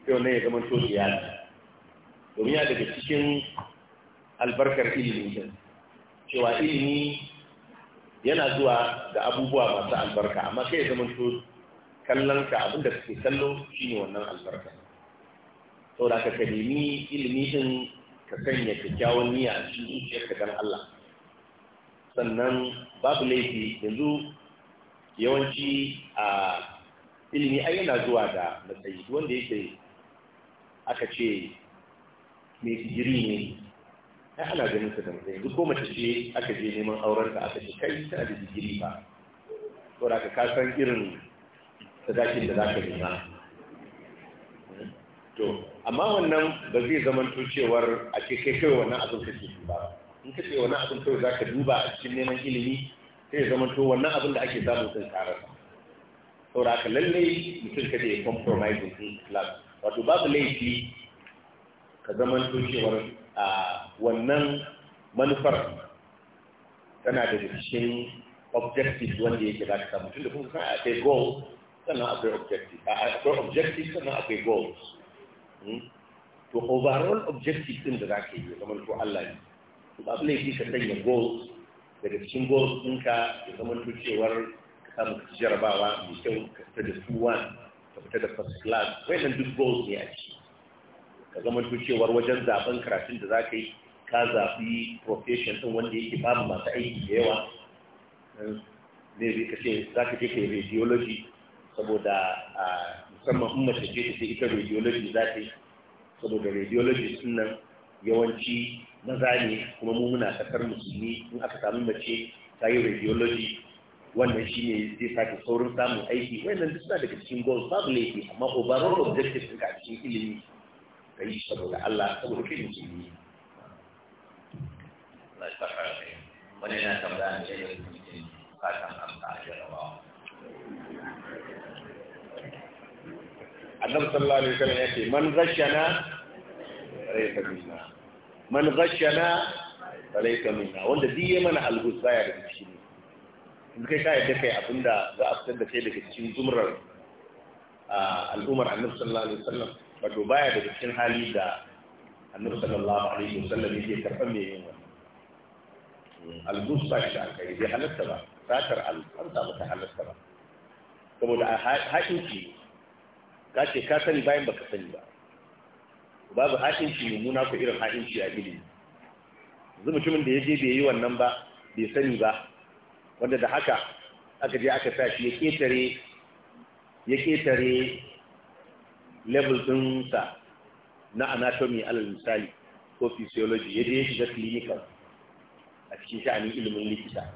Speaker 1: sai wannan ya to ziyada domin ya daga cikin albarkar ilimi din cewa ilimi yana zuwa ga abubuwa masu albarka amma kai ya zamanto kallon ka abinda kake kallo shine wannan albarka saboda ka nemi ilimi din ka sanya kyakkyawan niyya a cikin zuciyarka dan Allah sannan babu laifi yanzu yawanci a ilimi a yana zuwa da matsayi wanda yake aka ce mai digiri ne ai ana ganin sa da matsayi duk ko mace ce aka je neman auren ta aka ce kai tana da digiri ba Ko da ka san irin sadakin da zaka nema to amma wannan ba zai zamanto cewar a ke kai kai wannan abin kake ba in ka ce wani abin kawai za ka duba a cikin neman ilimi sai ya zama to wannan abin da ake samu sun Sau saboda aka lallai mutum ka ce ya compromise in islam wato babu laifi ka zama to cewar a wannan manufar tana da cikin objective wanda yake za ka samu tun da kuma san akwai goal sannan akwai objective akwai objective sannan akwai goals hmm? to overall objective din da za ka yi zaman ko Allah ne ba laifi ka sanya goals daga cikin goals ɗinka ya zama cewar ka samu ka jarabawa mai kyau ka fita da su wan ka fita da first class nan duk goals ne a ciki ka zama cewar wajen zaben karatun da za ka yi ka zaɓi profession ɗin wanda yake babu masu aiki da yawa ne zai ka ce za ka je ka yi radiology saboda musamman in mace ce ta ita radiology za ta yi saboda radiology sun nan yawanci maza ne kuma mu muna kasar musulmi in aka samu mace ta yi radiology wannan shi ne zai sake saurin samun aiki wannan duk suna daga cikin goals babu laifi amma overall
Speaker 2: objective da a cikin ilimi ka yi saboda Allah saboda kai musulmi wani yana tambaya ne da mutum fatan amsa a jarabawa
Speaker 1: annabi sallallahu alaihi wasallam ya ce man zashana rai minna. man ghashana falaysa minna wanda duk yayi mana algus baya daga cikin mu kai kai da kai abinda za a fitar da kai daga cikin zumrar al'ummar annabi sallallahu alaihi wasallam wato baya daga cikin hali da annabi sallallahu alaihi wasallam yake karɓar me yin wannan algus ba shi aka yi bai halatta ba satar alfarta ba ta halatta ba saboda haƙinci ka ce ka sani bayan baka sani ba babu ha'inci mummuna ku irin ha'inci a ilimi yanzu mutumin da ya je bai yi wannan ba bai sani ba wanda da haka aka je aka sa shi ya ketare ya ketare level ɗinsa na anatomy alal misali ko physiology ya je ya shiga clinical a cikin sha'anin ilimin likita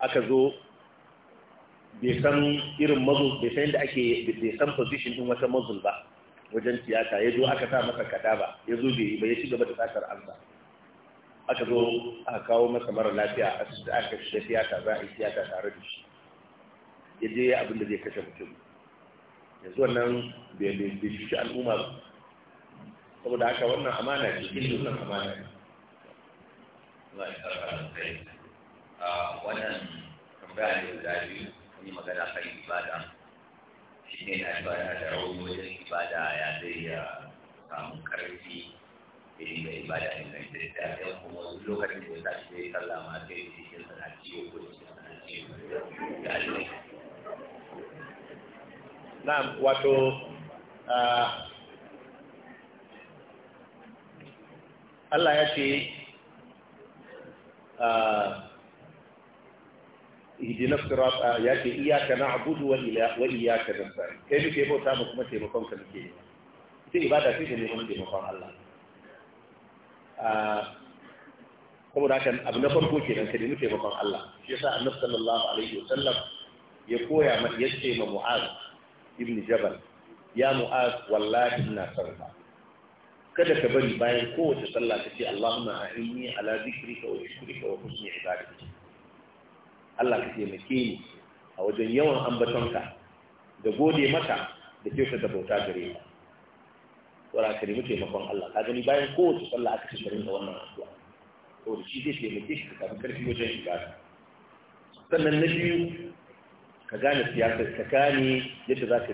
Speaker 1: aka zo bai san irin mazul bai san da ake bai san position din wata mazul ba wajen tiyata ya zo aka sa masa ba ya zo bai yi ba ya ci gaba da satar ba aka zo aka kawo masa mara lafiya a asibiti aka shiga tiyata za a yi tiyata tare da shi ya je ya abin da zai kashe mutum yanzu wannan bai shi al'umma ba saboda haka wannan amana ce ilimin wannan amana
Speaker 2: ne ah, wannan tambaya ne da biyu kun yi magana kan ibada shi ne ibada da rauni wajen ibada ya zai ya samu karfi da dinga ibada ingantacciya sai kuma wasu lokacin da za shi yi sallah ma sai jikin sana ciwo ko jikin sana ciwo
Speaker 1: Na wato Allah ya ce ihdina sirata ya ce iyyaka na'budu wa wa iyyaka nasta'in kai muke bauta mu kuma taimakon ka muke ita ibada ce da neman taimakon Allah saboda haka abu na farko kenan ka nemi taimakon Allah shi yasa annabi sallallahu alaihi wa sallam ya koya ma yace ma mu'az ibn jabal ya mu'az wallahi ina sarfa kada ka bari bayan kowace sallah ka ce Allahumma a'inni ala dhikrika wa shukrika wa husni ibadatika Allah ka taimake ni a wajen yawan ambatonka da gode maka da kyauta da bauta gare ka wala ka nemi taimakon Allah ka gani bayan kowace sallah aka ce karin da wannan addu'a shi zai taimake shi ka karfi wajen ibada sannan na biyu ka gane siyasar ka gane yadda za ka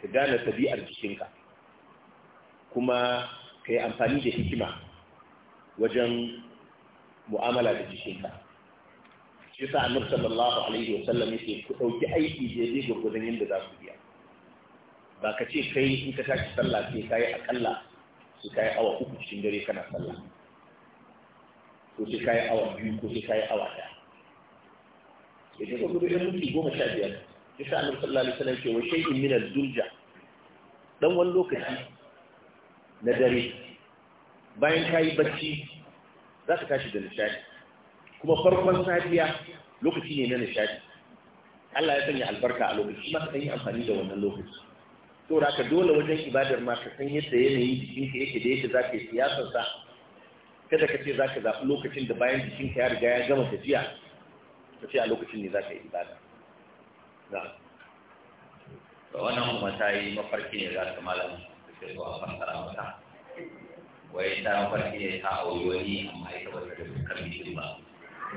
Speaker 1: ka gane tabi'ar jikinka kuma ka yi amfani da hikima wajen mu'amala da jikinka shi sa annabi sallallahu alaihi wasallam yake ku dauki aiki je ne gurgurdan yadda za ku biya ba ka ce kai in ka tashi sallah sai kai akalla ka yi awa uku cikin dare kana sallah ko sai yi awa biyu ko sai yi awa ɗaya sai dai gurgurdan mutu goma sha biyar shi sa annabi sallallahu alaihi wasallam ke wa shay'in min al-dulja dan wani lokaci na dare bayan yi bacci za ka tashi da nishadi kuma farkon safiya lokaci ne na nishadi Allah ya sanya albarka a lokaci ma ka yi amfani da wannan lokaci to da ka dole wajen ibadar ma ka san yadda yanayin jikinka yake da yadda za ka yi siyasar sa kada ka ce za ka zaɓi lokacin da bayan jikinka ya riga ya gama tafiya ka ce a lokacin ne za ka yi ibada na'am
Speaker 2: wannan kuma ta yi mafarki ne za ta malam da ke zuwa fassara mata wai ta mafarki ne ta auri wani amma ita ba ta da kan mijin ba to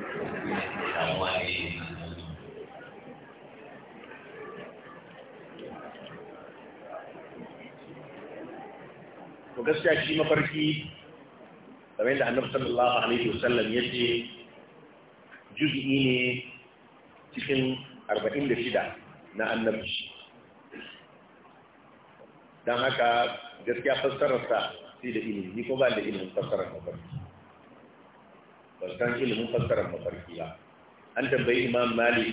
Speaker 1: gaskiya shi mafarki kamar yadda annabi sallallahu alaihi wasallam ya ce juz'i ne cikin 46 na annabci don haka gaskiya fassararsa sai da ilimi ko ba da ilimin fassarar mafarki ba san ilimin fassarar mafarki ba an tambayi imam malik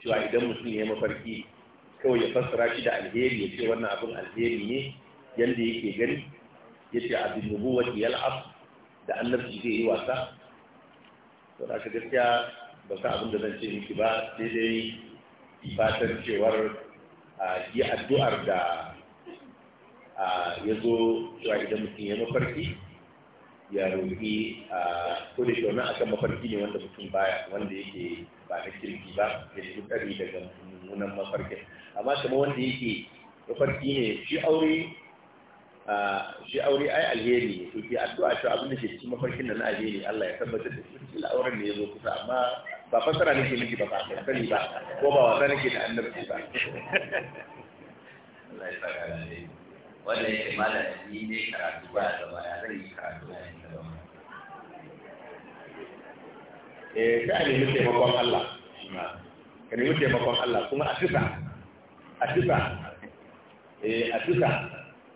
Speaker 1: cewa idan mutum ya mafarki kawai ya fassara shi da alheri ya ce wannan abin alheri ne yadda yake gani ya ce abin nubuwati yal'af da annabci zai yi wasa to da gaskiya ba sa abin da zan ce miki ba sai dai fatan cewar yi addu'ar da ya zo cewa idan mutum ya mafarki ya roƙi a ko da shi wannan akan mafarki ne wanda mutum baya wanda yake ba na kirki ba da shi tsari daga mummunan mafarkin amma kuma wanda yake mafarki ne shi aure shi aure ai alheri ne to ki addu'a shi abin da ke cikin mafarkin nan alheri Allah ya tabbatar da shi cikin auren ne yazo kusa amma ba fasara nake miki ba ba sani ba ko ba wasa nake da annabi ba Allah ya
Speaker 2: saka alheri wanda ya ni ne karatu ba da ba ya yi karatu ne da ba.
Speaker 1: eh sai mutum nemi taimakon Allah shi ma ka nemi taimakon Allah kuma a tuka a eh a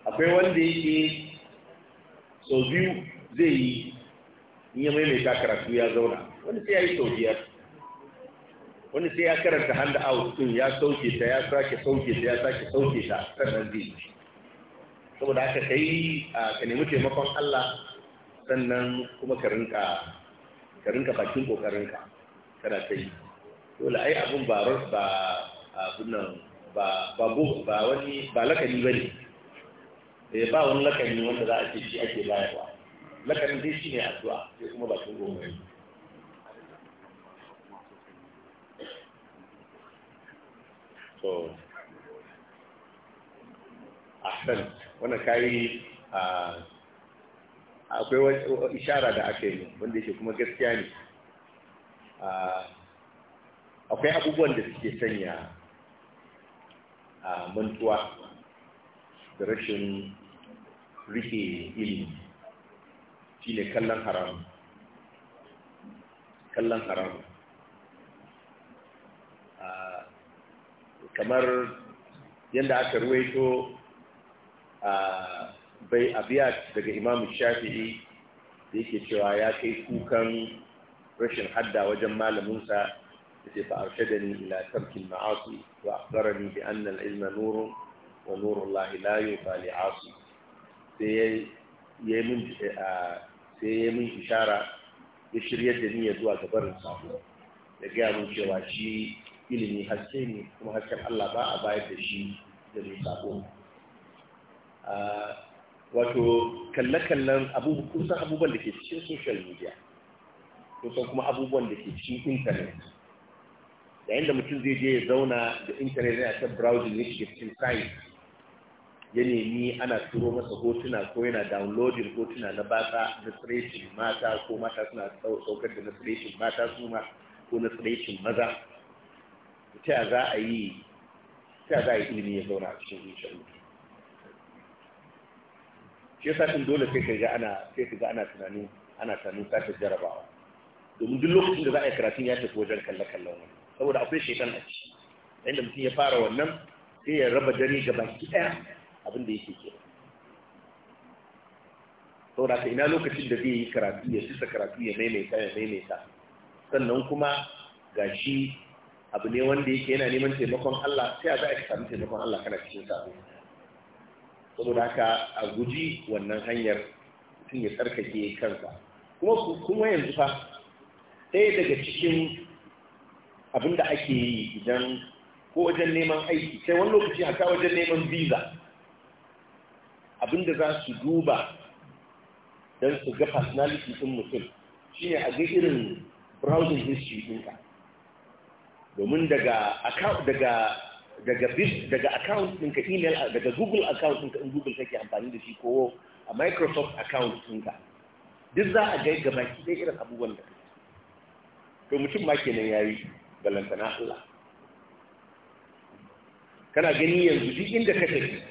Speaker 1: akwai wanda yake so biyu zai yi in ya maimaita karatu ya zauna wani sai ya yi sau biyar wani sai ya karanta hand out din ya sauke ta ya sake sauke ta ya sake sauke ta sannan zai yi saboda haka ka yi ka nemi taimakon Allah sannan kuma ka rinka ka rinka bakin kokarinka kana ta yi dole ai abun ba ba abin nan ba ba ba wani ba lakani bane eh ba wani lakani wanda za a ce shi ake bayarwa lakanin dai shine addu'a sai kuma bakin kokari so san. wannan kayi akwai ishara da aka yi wanda yake kuma gaskiya ne akwai abubuwan da suke sanya mantuwa da rashin rike ilimi shi ne kallon haramu kallon haramu kamar yadda aka ruwaito bai abiyat daga Imam shafi'i da yake cewa ya kai kukan rashin hadda wajen malaminsa da ce ni ila tarkin ma'asu wa ni bi annan ilma nurun wa lahi la yufa asu sai ya yi min ishara ya shiryar da ni ya zuwa gabarin sabo da gaya mun cewa shi ilimi haske ne kuma hasken Allah ba a bayar da shi da mai sabo wato kalle-kallen abubuwan abubuwan da ke cikin social media kusan kuma abubuwan da ke cikin internet yayin da mutum zai je ya zauna da internet yana ta browsing ne shiga cikin site ya nemi ana turo masa hotuna ko yana downloading hotuna na basa na tsirashin mata ko mata suna saukar da na tsirashin mata su ma ko na tsirashin maza ta za a yi ta za a yi ilimi ya zauna a cikin social media shi yasa din dole sai ka ana sai ka ana tunani ana tunanin sake jarabawa domin duk lokacin da za a yi karatun ya tafi wajen kalle kallon wani saboda akwai shekan a ciki inda mutum ya fara wannan sai ya raba dare ga baki daya abin da yake ke saboda ka ina lokacin da zai yi karatu ya sisa karatu ya maimaita ya maimaita sannan kuma ga shi abu ne wanda yake yana neman taimakon Allah sai a za a samu taimakon Allah kana cikin sabo saboda haka a guji wannan hanyar mutum ya tsarkake kansa kuma kuma yanzu fa ɗaya daga cikin abin da ake yi idan ko wajen neman aiki sai wani lokaci haka wajen neman visa abin da za su duba don su ga personality ɗin mutum shine a ga irin browsing history ɗinka domin daga daga bis daga account ɗinka email daga google account ɗinka in google take amfani da shi ko a microsoft account ɗinka duk za a ga gaba ki ɗaya irin abubuwan da kake to mutum ma kenan yayi balantana Allah kana gani yanzu duk inda ka tafi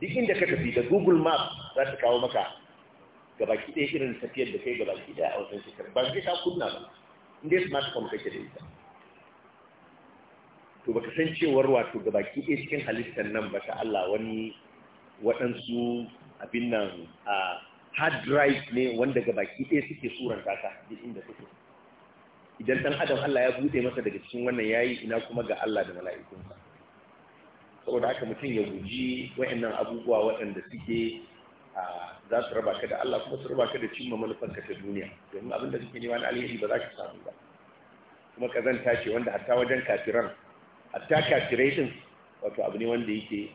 Speaker 1: duk inda ka tafi da google map za ta kawo maka gaba ki ɗaya irin tafiyar da kai gaba ki ɗaya a wasan shekaru ba zai ka kunna ba inda smartphone kake da ita to baka san cewar wato da baki ɗaya cikin halittar nan ba ta Allah wani waɗansu abin nan a hard drive ne wanda ga baki ɗaya suke suranta ka duk inda suke idan ɗan adam Allah ya buɗe masa daga cikin wannan yayi ina kuma ga Allah da mala'ikunsa saboda haka mutum ya guji wa'annan abubuwa waɗanda suke za su raba ka da Allah kuma su raba ka da cimma manufarka ta duniya domin abin da suke nema na alheri ba za ka samu ba kuma kazanta ce wanda hatta wajen kafiran hatta kafirai wato abu ne wanda yake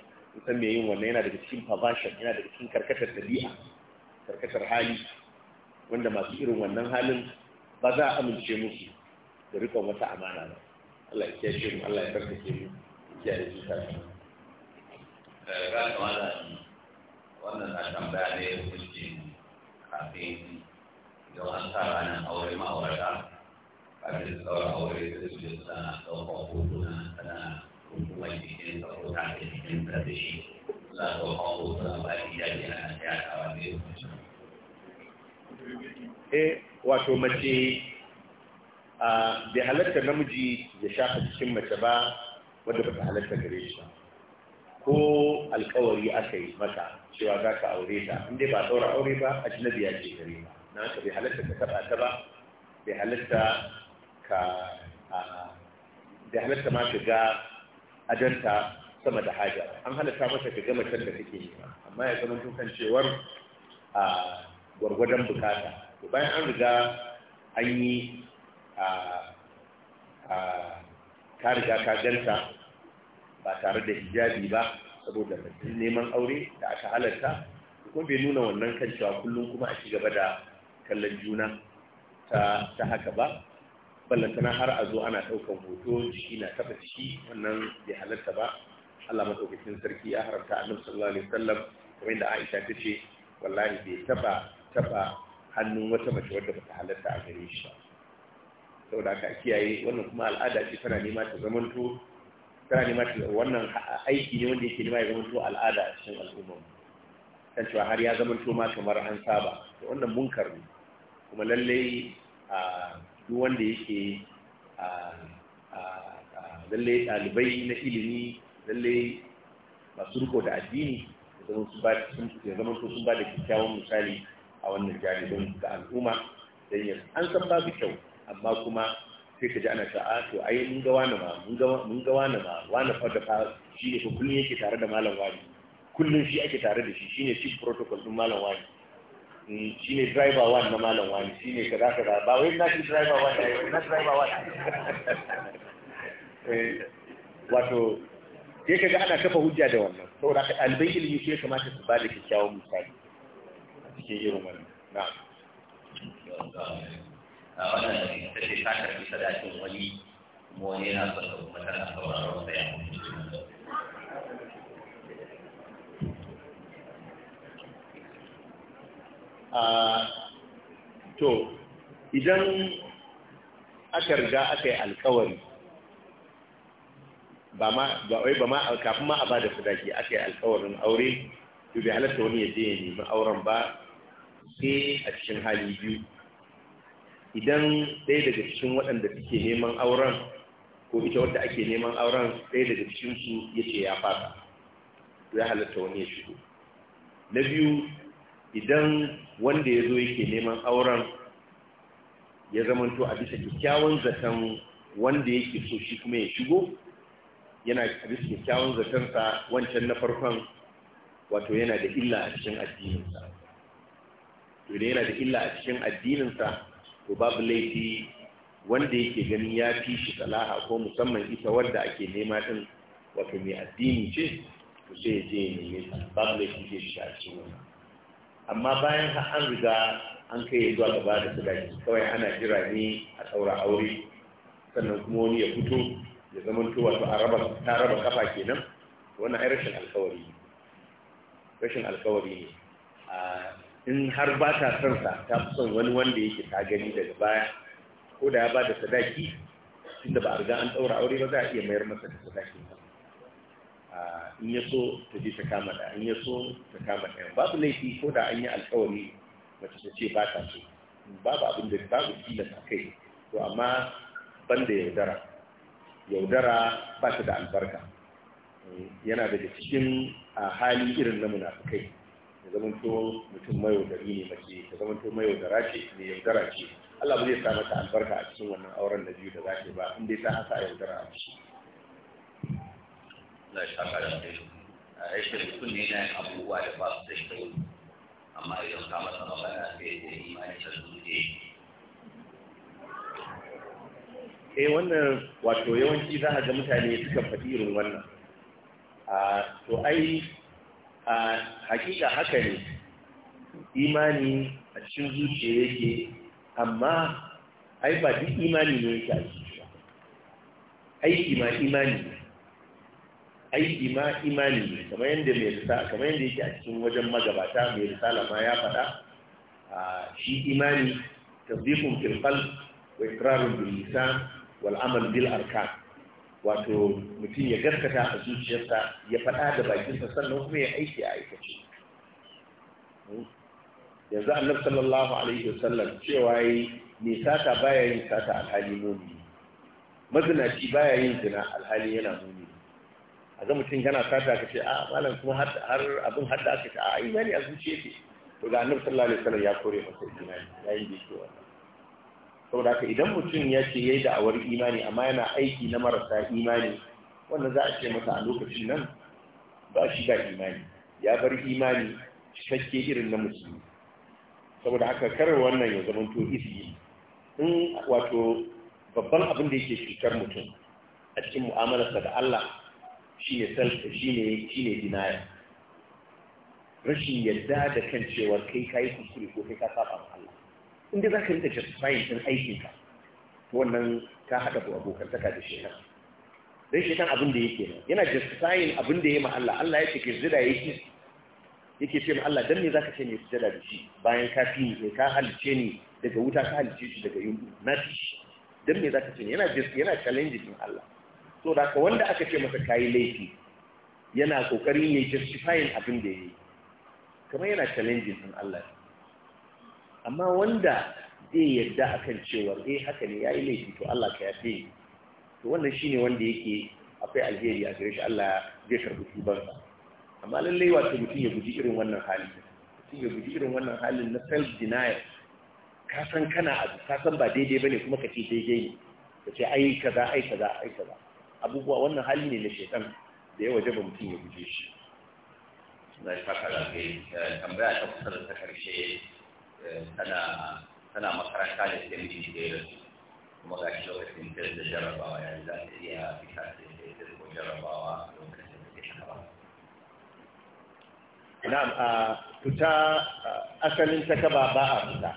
Speaker 1: san mai yin wannan yana daga cikin perversion yana daga cikin karkatar dabi'a karkatar hali wanda masu irin wannan halin ba za a amince musu da rikon wata amana ba Allah ya kiyaye mu Allah ya barkace mu kiyaye zuciya
Speaker 2: eh ga wannan wannan na tambaya ne kuke kafin don an tsara nan aure ma'aurata kafin tsawon aure da su hotuna tana kuma jikin ta ko ta da jikin ta da shi a hotuna ba ya da
Speaker 1: mace. Eh, wato mace bai halatta namiji ya shafa jikin mace ba wadda ba ta halatta gare shi ba. ko alkawari aka yi maka cewa za ka aure ta inda ba saura aure ba a jinabi ya ce gare na ka bai halatta ka taba ta ba bai halatta ka da halatta ma shiga adanta sama da haja an halatta masa shiga gama can da yi amma ya zama tukan cewar a gwargwadon bukata to bayan an riga an yi ka riga ka ganta ba tare da hijabi ba saboda mutum neman aure da aka halarta, kuma bai nuna wannan kan cewa kullum kuma a ci gaba da kallon juna ta haka ba ballantana har a zo ana ɗaukan hoto jiki na taɓa ciki wannan bai halarta ba Allah maɗaukakin sarki ya haramta annabi sallallahu alaihi wasallam kamar yadda Aisha ta ce wallahi bai taɓa taɓa hannun wata mace wadda bata halarta a gare shi saboda haka kiyaye wannan kuma al'ada ce tana nema ta zamanto tana nema ta wannan aiki ne wanda yake nema ya zamanto al'ada a cikin al'umma kan cewa har ya zamanto ma kamar an saba to wannan munkar ne kuma lallai a ah, duk wanda yake lalle ɗalibai na ilimi lalle masu riko da addini ya zama sun ba da kyakkyawan misali a wannan jaridun ga al'umma don yin an san babu kyau amma kuma sai ka ji ana sa'a to ai mun ga wani ma mun ga wani ma wani fada fa shi ne kullum yake tare da malam wani kullum shi ake tare da shi shine chief protocol din malam wani Eh, shi ne driver one na malam wani shi ne kada kada ba wai na shi driver one ne eh, wai na driver one eh, wato sai ka ga ana kafa hujja da wannan saboda haka ɗalibai ilimi shi ya kamata su ba da kyakkyawan misali a cikin irin wannan na
Speaker 2: wannan ta ce ta karbi sadakin wani kuma wani yana sauraron sa ya mutu
Speaker 1: to idan aka riga aka yi alkawari ba ma kafin ma a ba da sadaki aka yi alkawarin aure to bai halatta wani ya je ya nemi auren ba sai a cikin hali biyu idan ɗaya daga cikin waɗanda suke neman auren ko ita wadda ake neman auren ɗaya daga cikin su ya ce ya fasa to ya halatta wani ya shigo na biyu idan wanda ya zo yake neman auren ya zamanto a bisa kyakkyawan zaton wanda yake so shi kuma ya shigo yana a bisa kyakkyawan zatonsa wancan na farkon wato yana da illa a cikin addininsa to idan yana da illa a cikin addininsa to babu laifi wanda yake ganin ya fi shi salaha ko musamman ita wadda ake nema din wato mai addini ce to sai ya je ya babu laifi zai shi a cikin wannan amma bayan an riga an kai zuwa gaba da sadaki kawai ana jira ne a saura aure sannan kuma wani ya fito ya zama to wato a raba ta raba kafa kenan wannan ai rashin alkawari ne rashin alkawari ne in har ba ta son sa ta fi son wani wanda yake ta gani daga baya ko da ya ba da sadaki tunda ba a riga an tsaura aure ba za a iya mayar masa da sadaki ba in ya so ta je ta kama da in ya so ta kama da babu laifi ko da an yi alkawari mace ta ce ba ta so babu abin da babu kila ta kai to amma ban da yaudara yaudara ba ta da albarka yana daga cikin a hali irin na munafukai ya to mutum mayaudari ne mace ya zamanto mayaudara ce ne yaudara ce Allah ba zai sa mata albarka a cikin wannan auren da biyu da za ba in dai ta hasa yaudara a ciki
Speaker 2: na shaka shi dai a rashin mutum ne yana yin abubuwa da ba su da kyau amma idan ka masa magana sai da imani ta zuciya
Speaker 1: eh wannan wato yawanci za a ga mutane suka faɗi irin wannan to ai a hakika haka ne imani a cikin zuciya yake amma ai ba duk imani ne yake a ba, aiki ma imani ne ai ima imani kamar yadda mai risala kamar yadda yake a cikin wajen magabata mai risala ma ya faɗa shi imani tasdiqun fil qalb wa iqrarun bil lisan wal amal bil arkan wato mutum ya gaskata a zuciyarsa ya faɗa da bakinsa sannan kuma ya aiki a aikace yanzu annabi sallallahu alaihi wasallam cewa yi mai sata baya yin sata alhali muni mazinaci baya yin zina alhali yana muni a ga mutum yana sata ka ce a malam kuma har abin hadda aka ce a imani a zuciya ce, to ga annabi sallallahu alaihi wasallam ya kore masa imani yayin da yake wannan saboda haka idan mutum ya ce yayi awar imani amma yana aiki na marasa imani wannan za a ce masa a lokacin nan ba shi ba imani ya bar imani cikakke irin na musulmi saboda haka kar wannan ya zama to isi in wato babban abin da yake cutar mutum a cikin mu'amalarsa da Allah shi ne shi ne denial rashin yadda da kan cewa kai ka yi kuskure ko kai ka saba ma Allah in za ka yi da justifying din aikinka ka wannan ka haɗa ko saka da shekan dai kan abin da yake nan yana justifying abin da ya ma Allah Allah ya ce ke zira yake yake ce ma Allah dan me ka ce ni jada da shi bayan ka fi ni eh, ka halice ni daga wuta ka halice shi daga yunbu na shi dan me ka ce yana yana challenge din Allah so da ka wanda aka ce masa kayi laifi yana kokari ne justifying abin da yi. kamar yana challenging din Allah amma wanda zai yadda akan cewa eh haka ne yayi laifi to Allah ka yafe to wannan shine wanda yake akwai alheri a gare shi Allah zai karbi sa amma lallai wato mutum ya guji irin wannan hali mutum ya guji irin wannan halin na self denial ka san kana abu ka san ba daidai bane kuma ka ce daidai ne ka ce ai kaza ai kaza ai kaza abubuwa wannan hali ne na shekan da ya waje ba mutum ya guje shi na shi
Speaker 2: haka da ke tambaya ta kusa da ta karshe tana makaranta da ta mutum da ya rasu kuma ga shi lokacin da da jarabawa ya za ta iya fita da ta ko jarabawa lokacin da ta shaka
Speaker 1: na a fita asalin ta kaba ba a fita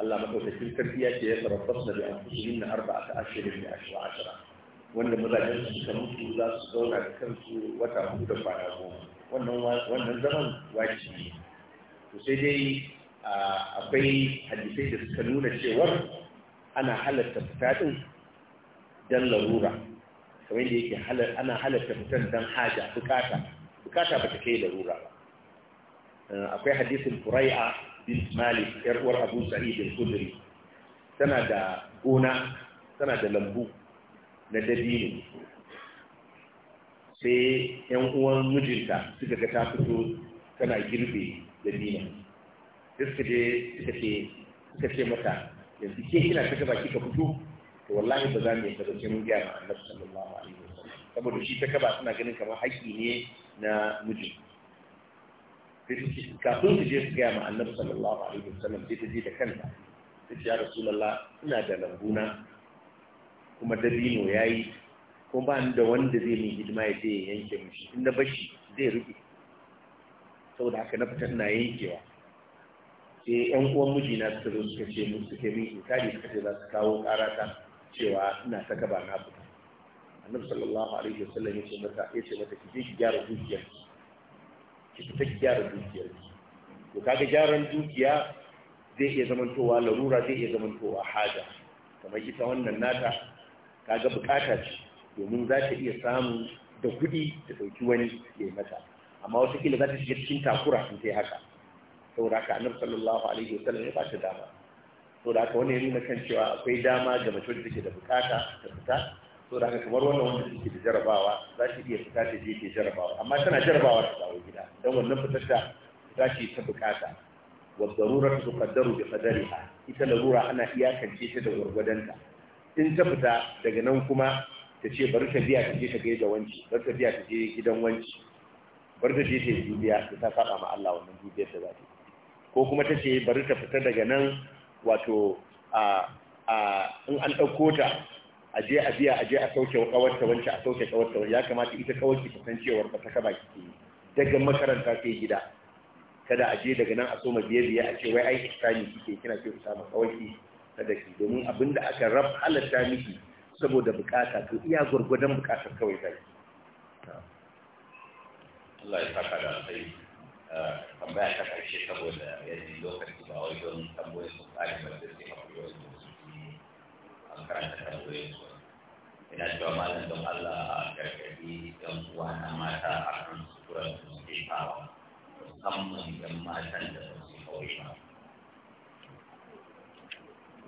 Speaker 1: Allah madaukakin sarki ya ce ya tarabbas da bi an fusu yin arba'a ta ashirin da ashirin ashirin wanda mazajen su suka mutu za su zauna da kansu wata hudu da kwana goma wannan zaman ne to sai dai akwai hadisai da suka nuna cewar ana halatta fita din don larura kamar da yake ana halatta fitan dan haja bukata bukata ba ta kai larura ba akwai hadisin furai'a bin malik yar uwar abu sa'id al-khudri tana da gona tana da lambu na dabino sai yan uwan mijinta suka ga ta fito tana girbe dabino suka je suka ce suka ce mata yanzu ke kina ta gaba kika fito to wallahi ba za mu yi kazace mun gaya ma annabi sallallahu alaihi wasallam saboda shi ta gaba suna ganin kamar haƙƙi ne na mijin kafin su je su gaya ma annabi sallallahu alaihi wasallam sai ta je da kanta ta ce ya rasulullah ina da lambuna kuma dalino ya yi kuma ba ni da wanda zai min hidima ya zai yanke mashi in na bashi zai rufe saboda haka na fitar na yankewa sai yan uwan mijina suka zo suka ce mun suka min inkari suka ce za su kawo karata cewa ina ta gaba na fita annabi sallallahu alaihi wasallam ya ce mata ya ce mata ki je ki gyara dukiyar ki fita ki gyara dukiyar to kaga gyaran dukiya zai iya zamantowa larura zai iya zamantowa haja kamar ita wannan nata kaga bukata ce domin za ta iya samu da kuɗi da dauki wani ya yi mata amma wata kila za ta shiga cikin takura in ta yi haka saboda haka annabi sallallahu alaihi wa sallam, ya ba ta dama saboda haka wani ya nuna kan cewa akwai dama ga mace da take da bukata ta fita saboda haka kamar wannan wanda take da jarabawa za ta iya fita ta je ta jarabawa amma tana jarabawa ta dawo gida don wannan fitar ta za ta yi ta bukata wa darura su kaddaru da kadari ita larura ana iyakance ta da gwargwadonta in ta fita daga nan kuma ta ce bari ta biya ta je ta gaida wanci bari ta biya ta je gidan wanci bari ta je ta yi dubiya ta ta saba ma Allah wannan dubiyar da za ta ko kuma ta ce bari ta fita daga nan wato a a in an ɗauko ta a je a biya a je a sauke kawarta wanci a sauke kawarta ya kamata ita kawarki ta san cewar ba ta kaba kike daga makaranta sai gida kada a je daga nan a soma biye biye a ce wai ai ikrami kike kina ce ku samu kawarki kusa da shi domin abin da aka rab halatta miki saboda bukata to iya gwargwadon bukatar kawai ta yi
Speaker 2: Allah ya saka da sai ah, tambaya ta karshe saboda yanzu lokaci ba wai don tambayoyin su tsari ba da sai haƙuri wasu da su an karanta tambayoyin su
Speaker 1: ina cewa malam don Allah
Speaker 2: a gargaɗi ɗan uwa na mata a kan suturar da suke kawo musamman ɗan matan da su kawai ba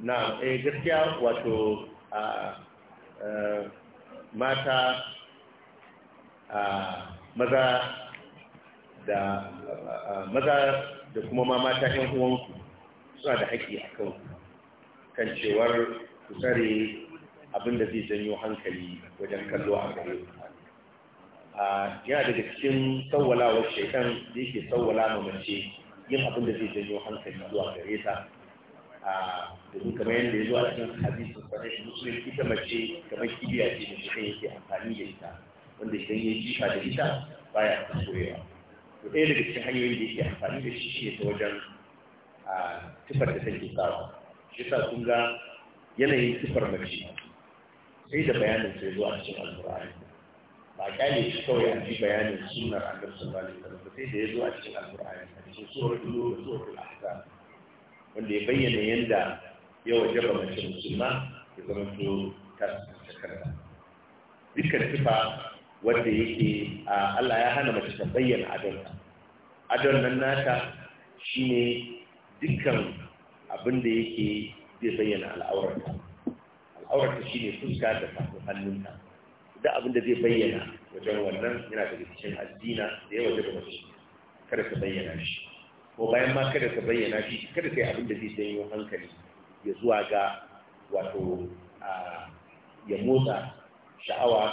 Speaker 1: na eh gaskiya wato a mata a maza da maza da kuma ma mata ƴan uwanku suna da haƙƙi a kan kan cewar ku tsare abin da zai janyo hankali wajen kallo a gare ku yana daga cikin tsawwalawar shaitan da yake tsawwala mamace yin abin da zai janyo hankali zuwa gare ta domin kamar yadda ya zo a cikin hadisi sahih muslim ita mace kamar kibiya ce da shi yake amfani da ita wanda idan ya jifa da ita baya ta soyewa to ɗaya daga cikin hanyoyin da yake amfani da shi shi ta wajen tufar da take sawa shi sa kun ga yanayin tufar mace sai da bayanin sai zuwa cikin alƙur'ani ba kyale shi kawai an ji bayanin sunnar annabi sallallahu alaihi wasallam sai da ya zo a cikin alƙur'ani a cikin suratul ilo da suratul ahzab wanda ya bayyana yadda ya wajaba mace musulma ya zama to ta ta dukkan tufa wanda yake Allah ya hana mace ta bayyana adonta adon nan nata shine dukkan abin da yake zai bayyana al'aurarta al'aurarta shine fuska da tafin hannunta duk abin da zai bayyana wajen wannan yana daga cikin addina da ya wajaba mace kada ta bayyana shi ko bayan ma kada ka bayyana shi kada ka yi abin da zai janyo hankali ya zuwa ga wato ya motsa sha'awa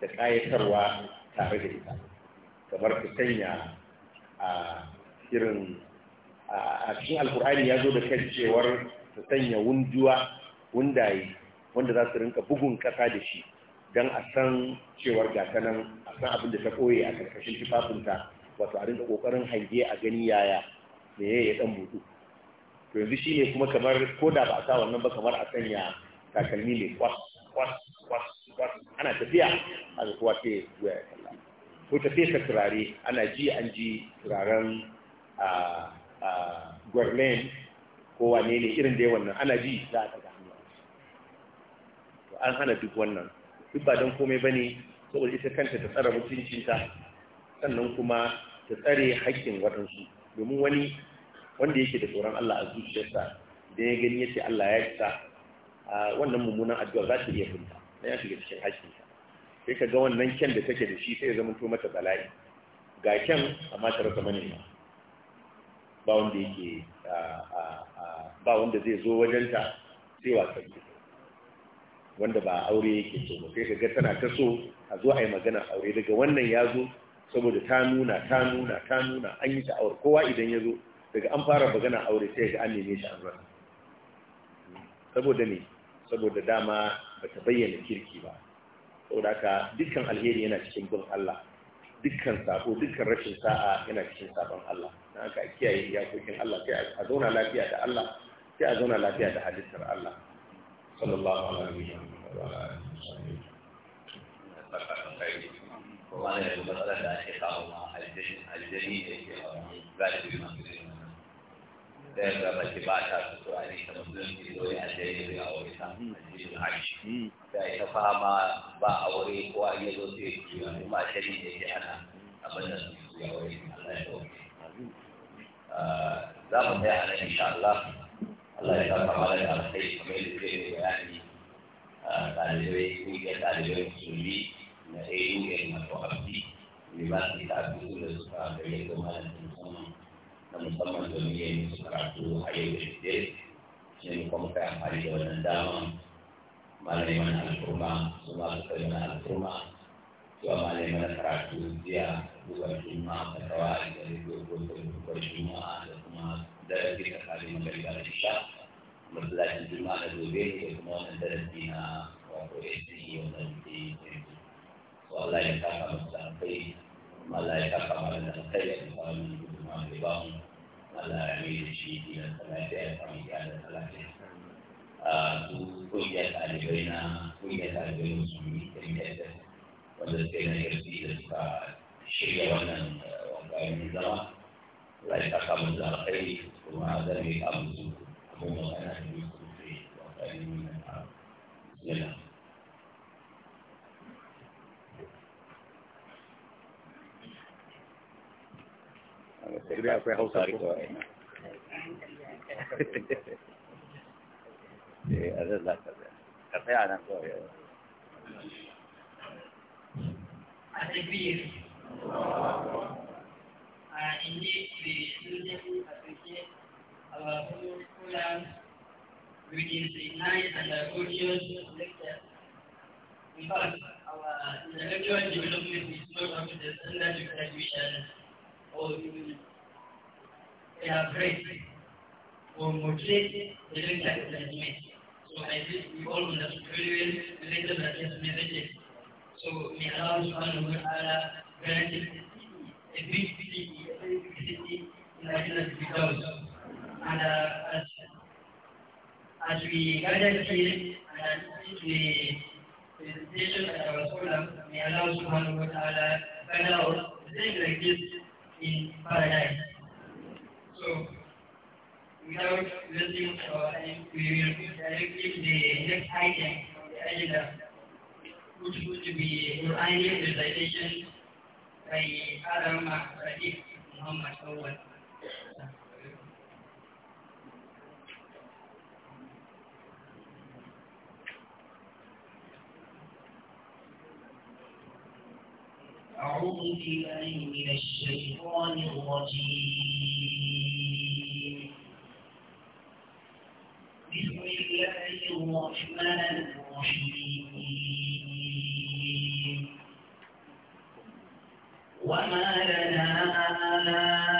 Speaker 1: da ƙayatarwa tare da ita kamar ka sanya a irin a cikin alkur'ani ya zo da kan cewar ta sanya wunduwa wundaye wanda za su rinka bugun ƙasa da shi don a san cewar gata nan a san abin da ta koye a ƙarƙashin tufafinta wato a rinka ƙoƙarin hange a gani yaya da ya yi dan butu to yanzu shine kuma kamar ko da ba a sa wannan ba kamar a sanya takalmi mai kwas kwas kwas kwas ana tafiya a kowa sai zuwa ya kalla ko tafiya ta turare ana ji an ji turaren a gwarlen ko wane ne irin da wannan ana ji za a daga hannu to an hana duk wannan duk ba don komai ba ne saboda ita kanta ta tsara mutuncinta sannan kuma ta tsare haƙƙin waɗansu domin wani wanda yake da tsoron Allah a zuciyarsa da ya gani yace Allah ya isa wannan mummunan addu'a za ta iya kunta na ya shiga cikin ta. sai ka ga wannan kyan da take da shi sai ya zama to mata bala'i ga kyan amma ta rasa manema ba wanda zai zo wajenta sai wasan wanda ba aure yake so ba sai ka ga tana ta so a zo a yi magana aure daga wannan ya zo saboda ta nuna ta nuna ta nuna an yi sha'awar kowa idan ya zo daga an fara magana aure sai ga an neme shi an rasa saboda ne saboda dama ba ta bayyana kirki ba saboda haka dukkan alheri yana cikin bin Allah dukkan sako dukkan rashin sa'a yana cikin sabon Allah na haka a kiyaye iyakokin Allah sai a zauna lafiya da Allah sai a zauna lafiya da halittar Allah sallallahu alaihi wa sallam
Speaker 2: وأنا يعني مثلا لا شيء قالوا الجنين الجنين يجي ذلك بما ذلك بس باشا سؤالي تمسلم في دوري الجنين أو إنسان الجنين العيش فإذا فهم با أوري كوا يدو تيجي وما شيء يجي أنا أبدا في أوري آه، الله يوفقك za mu tsaya nan insha Allah Allah ya saka mana da alkhairi kamar yadda zai bayani ɗalibai ƙungiyar ɗalibai musulmi na yayin yayin masu abdi liman da abin da suka gare da malam musamman na musamman domin yayin su karatu a yau da shi shi ne kuma kai amfani da wannan dama malamai mana al'umma su ma suka yi mana al'umma su malamai mana karatu jiya duka juma'a da kawai da rigo ko da juma'a da kuma darasi da kalin magariba da isha masallacin juma'a da gobe da kuma wannan darasi na wato ya ce yi wannan da والله يكافى مستحقيه والله يكافى على الخير ومن ما رضاهم ولا يميل شيء الى الثلاثه فمن على الثلاثه كوية تالبين كوية تالبين مسلمين كمية وذلكنا يرسي لسكا شيء ونن وقائم الزراء لا يتقى مزارقين وما ذلك أبو أبو مغانا في وقائم من العرب بسم الله gobe akwai hausa ko eh our
Speaker 3: program which is nice and the gorgeous lecture. our intellectual development is not up to the standard of graduation or they are great or motivated during the assessment. So I think we all understood very well during the assessment. So may Allah subhanahu wa ta'ala grant a big city, a big city in Madinah because and uh, as, as we gather here and as we presentation at our school, may Allah subhanahu wa ta'ala guide us things like this in paradise. So without using uh, we will directly the next item on the agenda, which would be Quranic realization by Adam Sadiq Muhammad Awal. أعوذ بالله من الشيطان الرجيم وما لنا